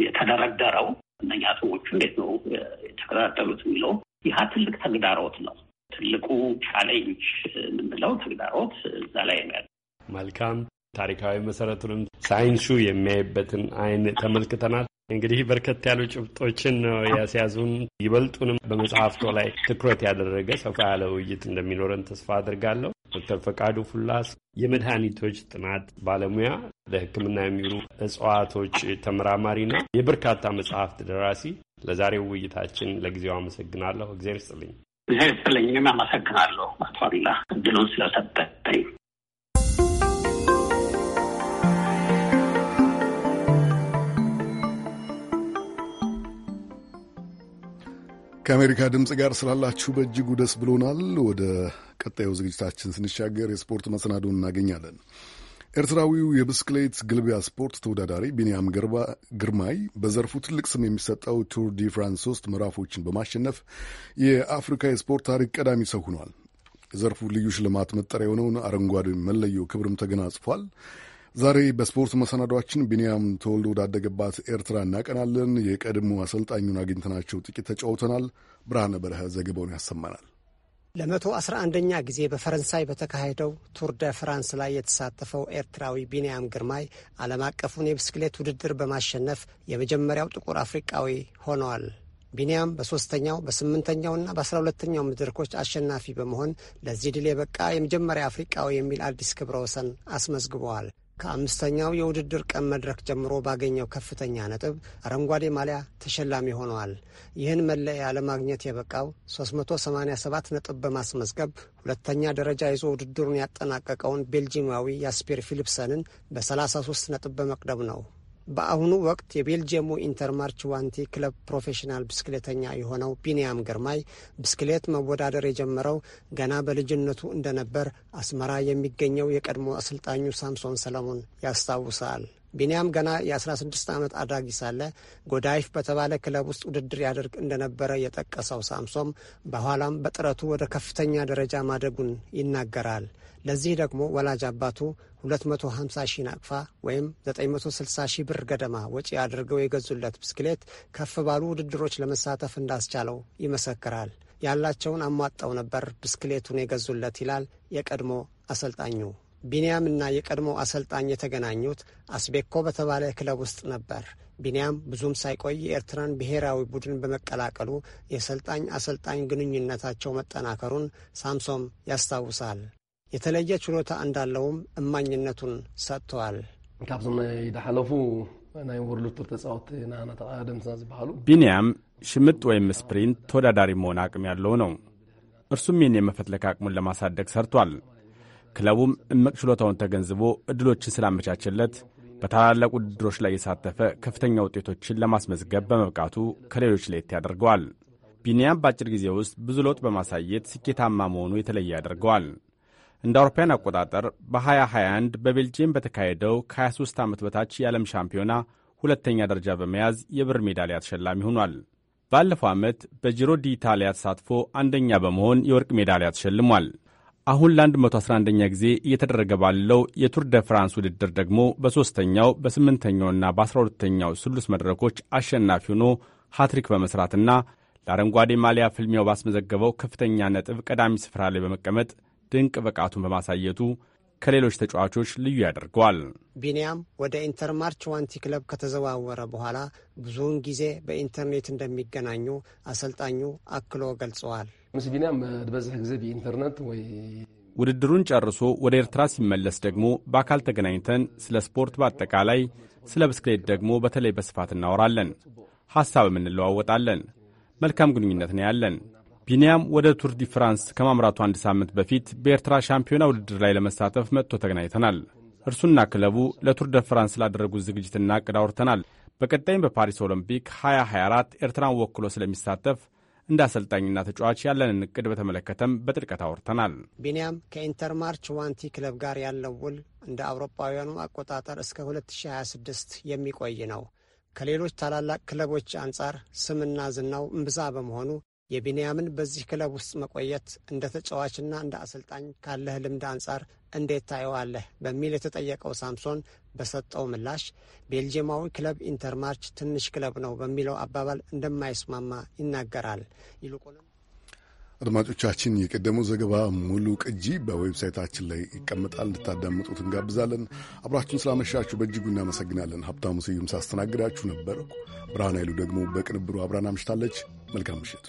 የተደረደረው እነኛ ሰዎቹ እንዴት ነው የተከታተሉት የሚለው ይህ ትልቅ ተግዳሮት ነው። ትልቁ ቻሌንጅ የምንለው ተግዳሮት እዛ ላይ ነው መልካም ታሪካዊ መሰረቱንም ሳይንሱ የሚያይበትን አይን ተመልክተናል። እንግዲህ በርከት ያሉ ጭብጦችን ነው ያስያዙን። ይበልጡንም በመጽሐፍቶ ላይ ትኩረት ያደረገ ሰፋ ያለ ውይይት እንደሚኖረን ተስፋ አድርጋለሁ። ዶክተር ፈቃዱ ፉላስ የመድኃኒቶች ጥናት ባለሙያ ለሕክምና የሚውሉ እጽዋቶች ተመራማሪና የበርካታ መጽሐፍት ደራሲ፣ ለዛሬው ውይይታችን ለጊዜው አመሰግናለሁ። እግዜር ስጥልኝ። እግዜር ስጥልኝ። እኔም አመሰግናለሁ አቶ አላ እድሉን ስለሰጠኝ። ከአሜሪካ ድምፅ ጋር ስላላችሁ በእጅጉ ደስ ብሎናል። ወደ ቀጣዩ ዝግጅታችን ስንሻገር የስፖርት መሰናዶን እናገኛለን። ኤርትራዊው የብስክሌት ግልቢያ ስፖርት ተወዳዳሪ ቢንያም ግርማይ በዘርፉ ትልቅ ስም የሚሰጠው ቱር ዲ ፍራንስ ሶስት ምዕራፎችን በማሸነፍ የአፍሪካ የስፖርት ታሪክ ቀዳሚ ሰው ሆኗል። የዘርፉ ልዩ ሽልማት መጠሪያ የሆነውን አረንጓዴ መለዮ ክብርም ተገናጽፏል። ዛሬ በስፖርት መሰናዷችን ቢንያም ተወልዶ ወዳደገባት ኤርትራ እናቀናለን። የቀድሞ አሰልጣኙን አግኝተናቸው ጥቂት ተጫውተናል። ብርሃነ በረሀ ዘገባውን ያሰማናል። ለመቶ አስራ አንደኛ ጊዜ በፈረንሳይ በተካሄደው ቱር ደ ፍራንስ ላይ የተሳተፈው ኤርትራዊ ቢንያም ግርማይ ዓለም አቀፉን የብስክሌት ውድድር በማሸነፍ የመጀመሪያው ጥቁር አፍሪቃዊ ሆነዋል። ቢንያም በሶስተኛው በስምንተኛውና በአስራ ሁለተኛው መድረኮች አሸናፊ በመሆን ለዚህ ድል የበቃ የመጀመሪያ አፍሪቃዊ የሚል አዲስ ክብረ ወሰን አስመዝግበዋል። ከአምስተኛው የውድድር ቀን መድረክ ጀምሮ ባገኘው ከፍተኛ ነጥብ አረንጓዴ ማሊያ ተሸላሚ ሆነዋል። ይህን መለያ ለማግኘት የበቃው 387 ነጥብ በማስመዝገብ ሁለተኛ ደረጃ ይዞ ውድድሩን ያጠናቀቀውን ቤልጂማዊ ያስፔር ፊሊፕሰንን በ33 ነጥብ በመቅደብ ነው። በአሁኑ ወቅት የቤልጅየሙ ኢንተርማርች ዋንቲ ክለብ ፕሮፌሽናል ብስክሌተኛ የሆነው ቢንያም ግርማይ ብስክሌት መወዳደር የጀመረው ገና በልጅነቱ እንደነበር አስመራ የሚገኘው የቀድሞ አሰልጣኙ ሳምሶን ሰለሞን ያስታውሳል። ቢንያም ገና የ16 ዓመት አድራጊ ሳለ ጎዳይፍ በተባለ ክለብ ውስጥ ውድድር ያደርግ እንደነበረ የጠቀሰው ሳምሶም በኋላም በጥረቱ ወደ ከፍተኛ ደረጃ ማደጉን ይናገራል። ለዚህ ደግሞ ወላጅ አባቱ 250 ሺህ ናቅፋ ወይም 960 ሺህ ብር ገደማ ወጪ አድርገው የገዙለት ብስክሌት ከፍ ባሉ ውድድሮች ለመሳተፍ እንዳስቻለው ይመሰክራል። ያላቸውን አሟጠው ነበር ብስክሌቱን የገዙለት ይላል የቀድሞ አሰልጣኙ ቢንያምና የቀድሞ አሰልጣኝ የተገናኙት አስቤኮ በተባለ ክለብ ውስጥ ነበር። ቢንያም ብዙም ሳይቆይ የኤርትራን ብሔራዊ ቡድን በመቀላቀሉ የሰልጣኝ አሰልጣኝ ግንኙነታቸው መጠናከሩን ሳምሶም ያስታውሳል። የተለየ ችሎታ እንዳለውም እማኝነቱን ሰጥተዋል። ካብዞም ናይ ናይ ቱር ዝበሃሉ ቢንያም ሽምጥ ወይም ስፕሪንት ተወዳዳሪ መሆን አቅም ያለው ነው። እርሱም ይህን የመፈትለክ አቅሙን ለማሳደግ ሰርቷል። ክለቡም እምቅ ችሎታውን ተገንዝቦ እድሎችን ስላመቻችለት በታላላቅ ውድድሮች ላይ የተሳተፈ ከፍተኛ ውጤቶችን ለማስመዝገብ በመብቃቱ ከሌሎች ለየት ያደርገዋል። ቢኒያም በአጭር ጊዜ ውስጥ ብዙ ለውጥ በማሳየት ስኬታማ መሆኑ የተለየ ያደርገዋል። እንደ አውሮፓውያን አቆጣጠር በ2021 በቤልጅየም በተካሄደው ከ23 ዓመት በታች የዓለም ሻምፒዮና ሁለተኛ ደረጃ በመያዝ የብር ሜዳሊያ ተሸላሚ ሆኗል። ባለፈው ዓመት በጂሮ ዲኢታሊያ ተሳትፎ አንደኛ በመሆን የወርቅ ሜዳሊያ ተሸልሟል። አሁን ለ111ኛ ጊዜ እየተደረገ ባለው የቱር ደ ፍራንስ ውድድር ደግሞ በሦስተኛው በስምንተኛውና በ12ተኛው ስሉስ መድረኮች አሸናፊ ሆኖ ሃትሪክ በመሥራትና ለአረንጓዴ ማሊያ ፍልሚያው ባስመዘገበው ከፍተኛ ነጥብ ቀዳሚ ስፍራ ላይ በመቀመጥ ድንቅ ብቃቱን በማሳየቱ ከሌሎች ተጫዋቾች ልዩ ያደርገዋል። ቢኒያም ወደ ኢንተር ማርች ዋንቲ ክለብ ከተዘዋወረ በኋላ ብዙውን ጊዜ በኢንተርኔት እንደሚገናኙ አሰልጣኙ አክሎ ገልጸዋል። ምስ ቢኒያም በዝሕ ጊዜ ብኢንተርነት ወይ ውድድሩን ጨርሶ ወደ ኤርትራ ሲመለስ ደግሞ በአካል ተገናኝተን ስለ ስፖርት በአጠቃላይ ስለ ብስክሌት ደግሞ በተለይ በስፋት እናወራለን። ሐሳብም እንለዋወጣለን። መልካም ግንኙነት ነው ያለን። ቢኒያም ወደ ቱር ዲ ፍራንስ ከማምራቱ አንድ ሳምንት በፊት በኤርትራ ሻምፒዮና ውድድር ላይ ለመሳተፍ መጥቶ ተገናኝተናል። እርሱና ክለቡ ለቱር ደ ፍራንስ ስላደረጉት ዝግጅትና እቅድ አውርተናል። በቀጣይም በፓሪስ ኦሎምፒክ 2024 ኤርትራን ወክሎ ስለሚሳተፍ እንደ አሰልጣኝና ተጫዋች ያለንን እቅድ በተመለከተም በጥልቀት አውርተናል። ቢኒያም ከኢንተር ማርች ዋንቲ ክለብ ጋር ያለው ውል እንደ አውሮፓውያኑ አቆጣጠር እስከ 2026 የሚቆይ ነው። ከሌሎች ታላላቅ ክለቦች አንጻር ስምና ዝናው እምብዛ በመሆኑ የቢንያምን በዚህ ክለብ ውስጥ መቆየት እንደ ተጫዋችና እንደ አሰልጣኝ ካለህ ልምድ አንጻር እንዴት ታየዋለህ? በሚል የተጠየቀው ሳምሶን በሰጠው ምላሽ ቤልጅየማዊ ክለብ ኢንተርማርች ትንሽ ክለብ ነው በሚለው አባባል እንደማይስማማ ይናገራል። ይልቁንም አድማጮቻችን፣ የቀደመው ዘገባ ሙሉ ቅጂ በዌብሳይታችን ላይ ይቀመጣል፣ እንድታዳምጡት እንጋብዛለን። አብራችሁን ስላመሻችሁ በእጅጉ እናመሰግናለን። ሀብታሙ ስዩም ሳስተናግዳችሁ ነበር። ብርሃን ኃይሉ ደግሞ በቅንብሩ አብራን አምሽታለች። መልካም ምሽት።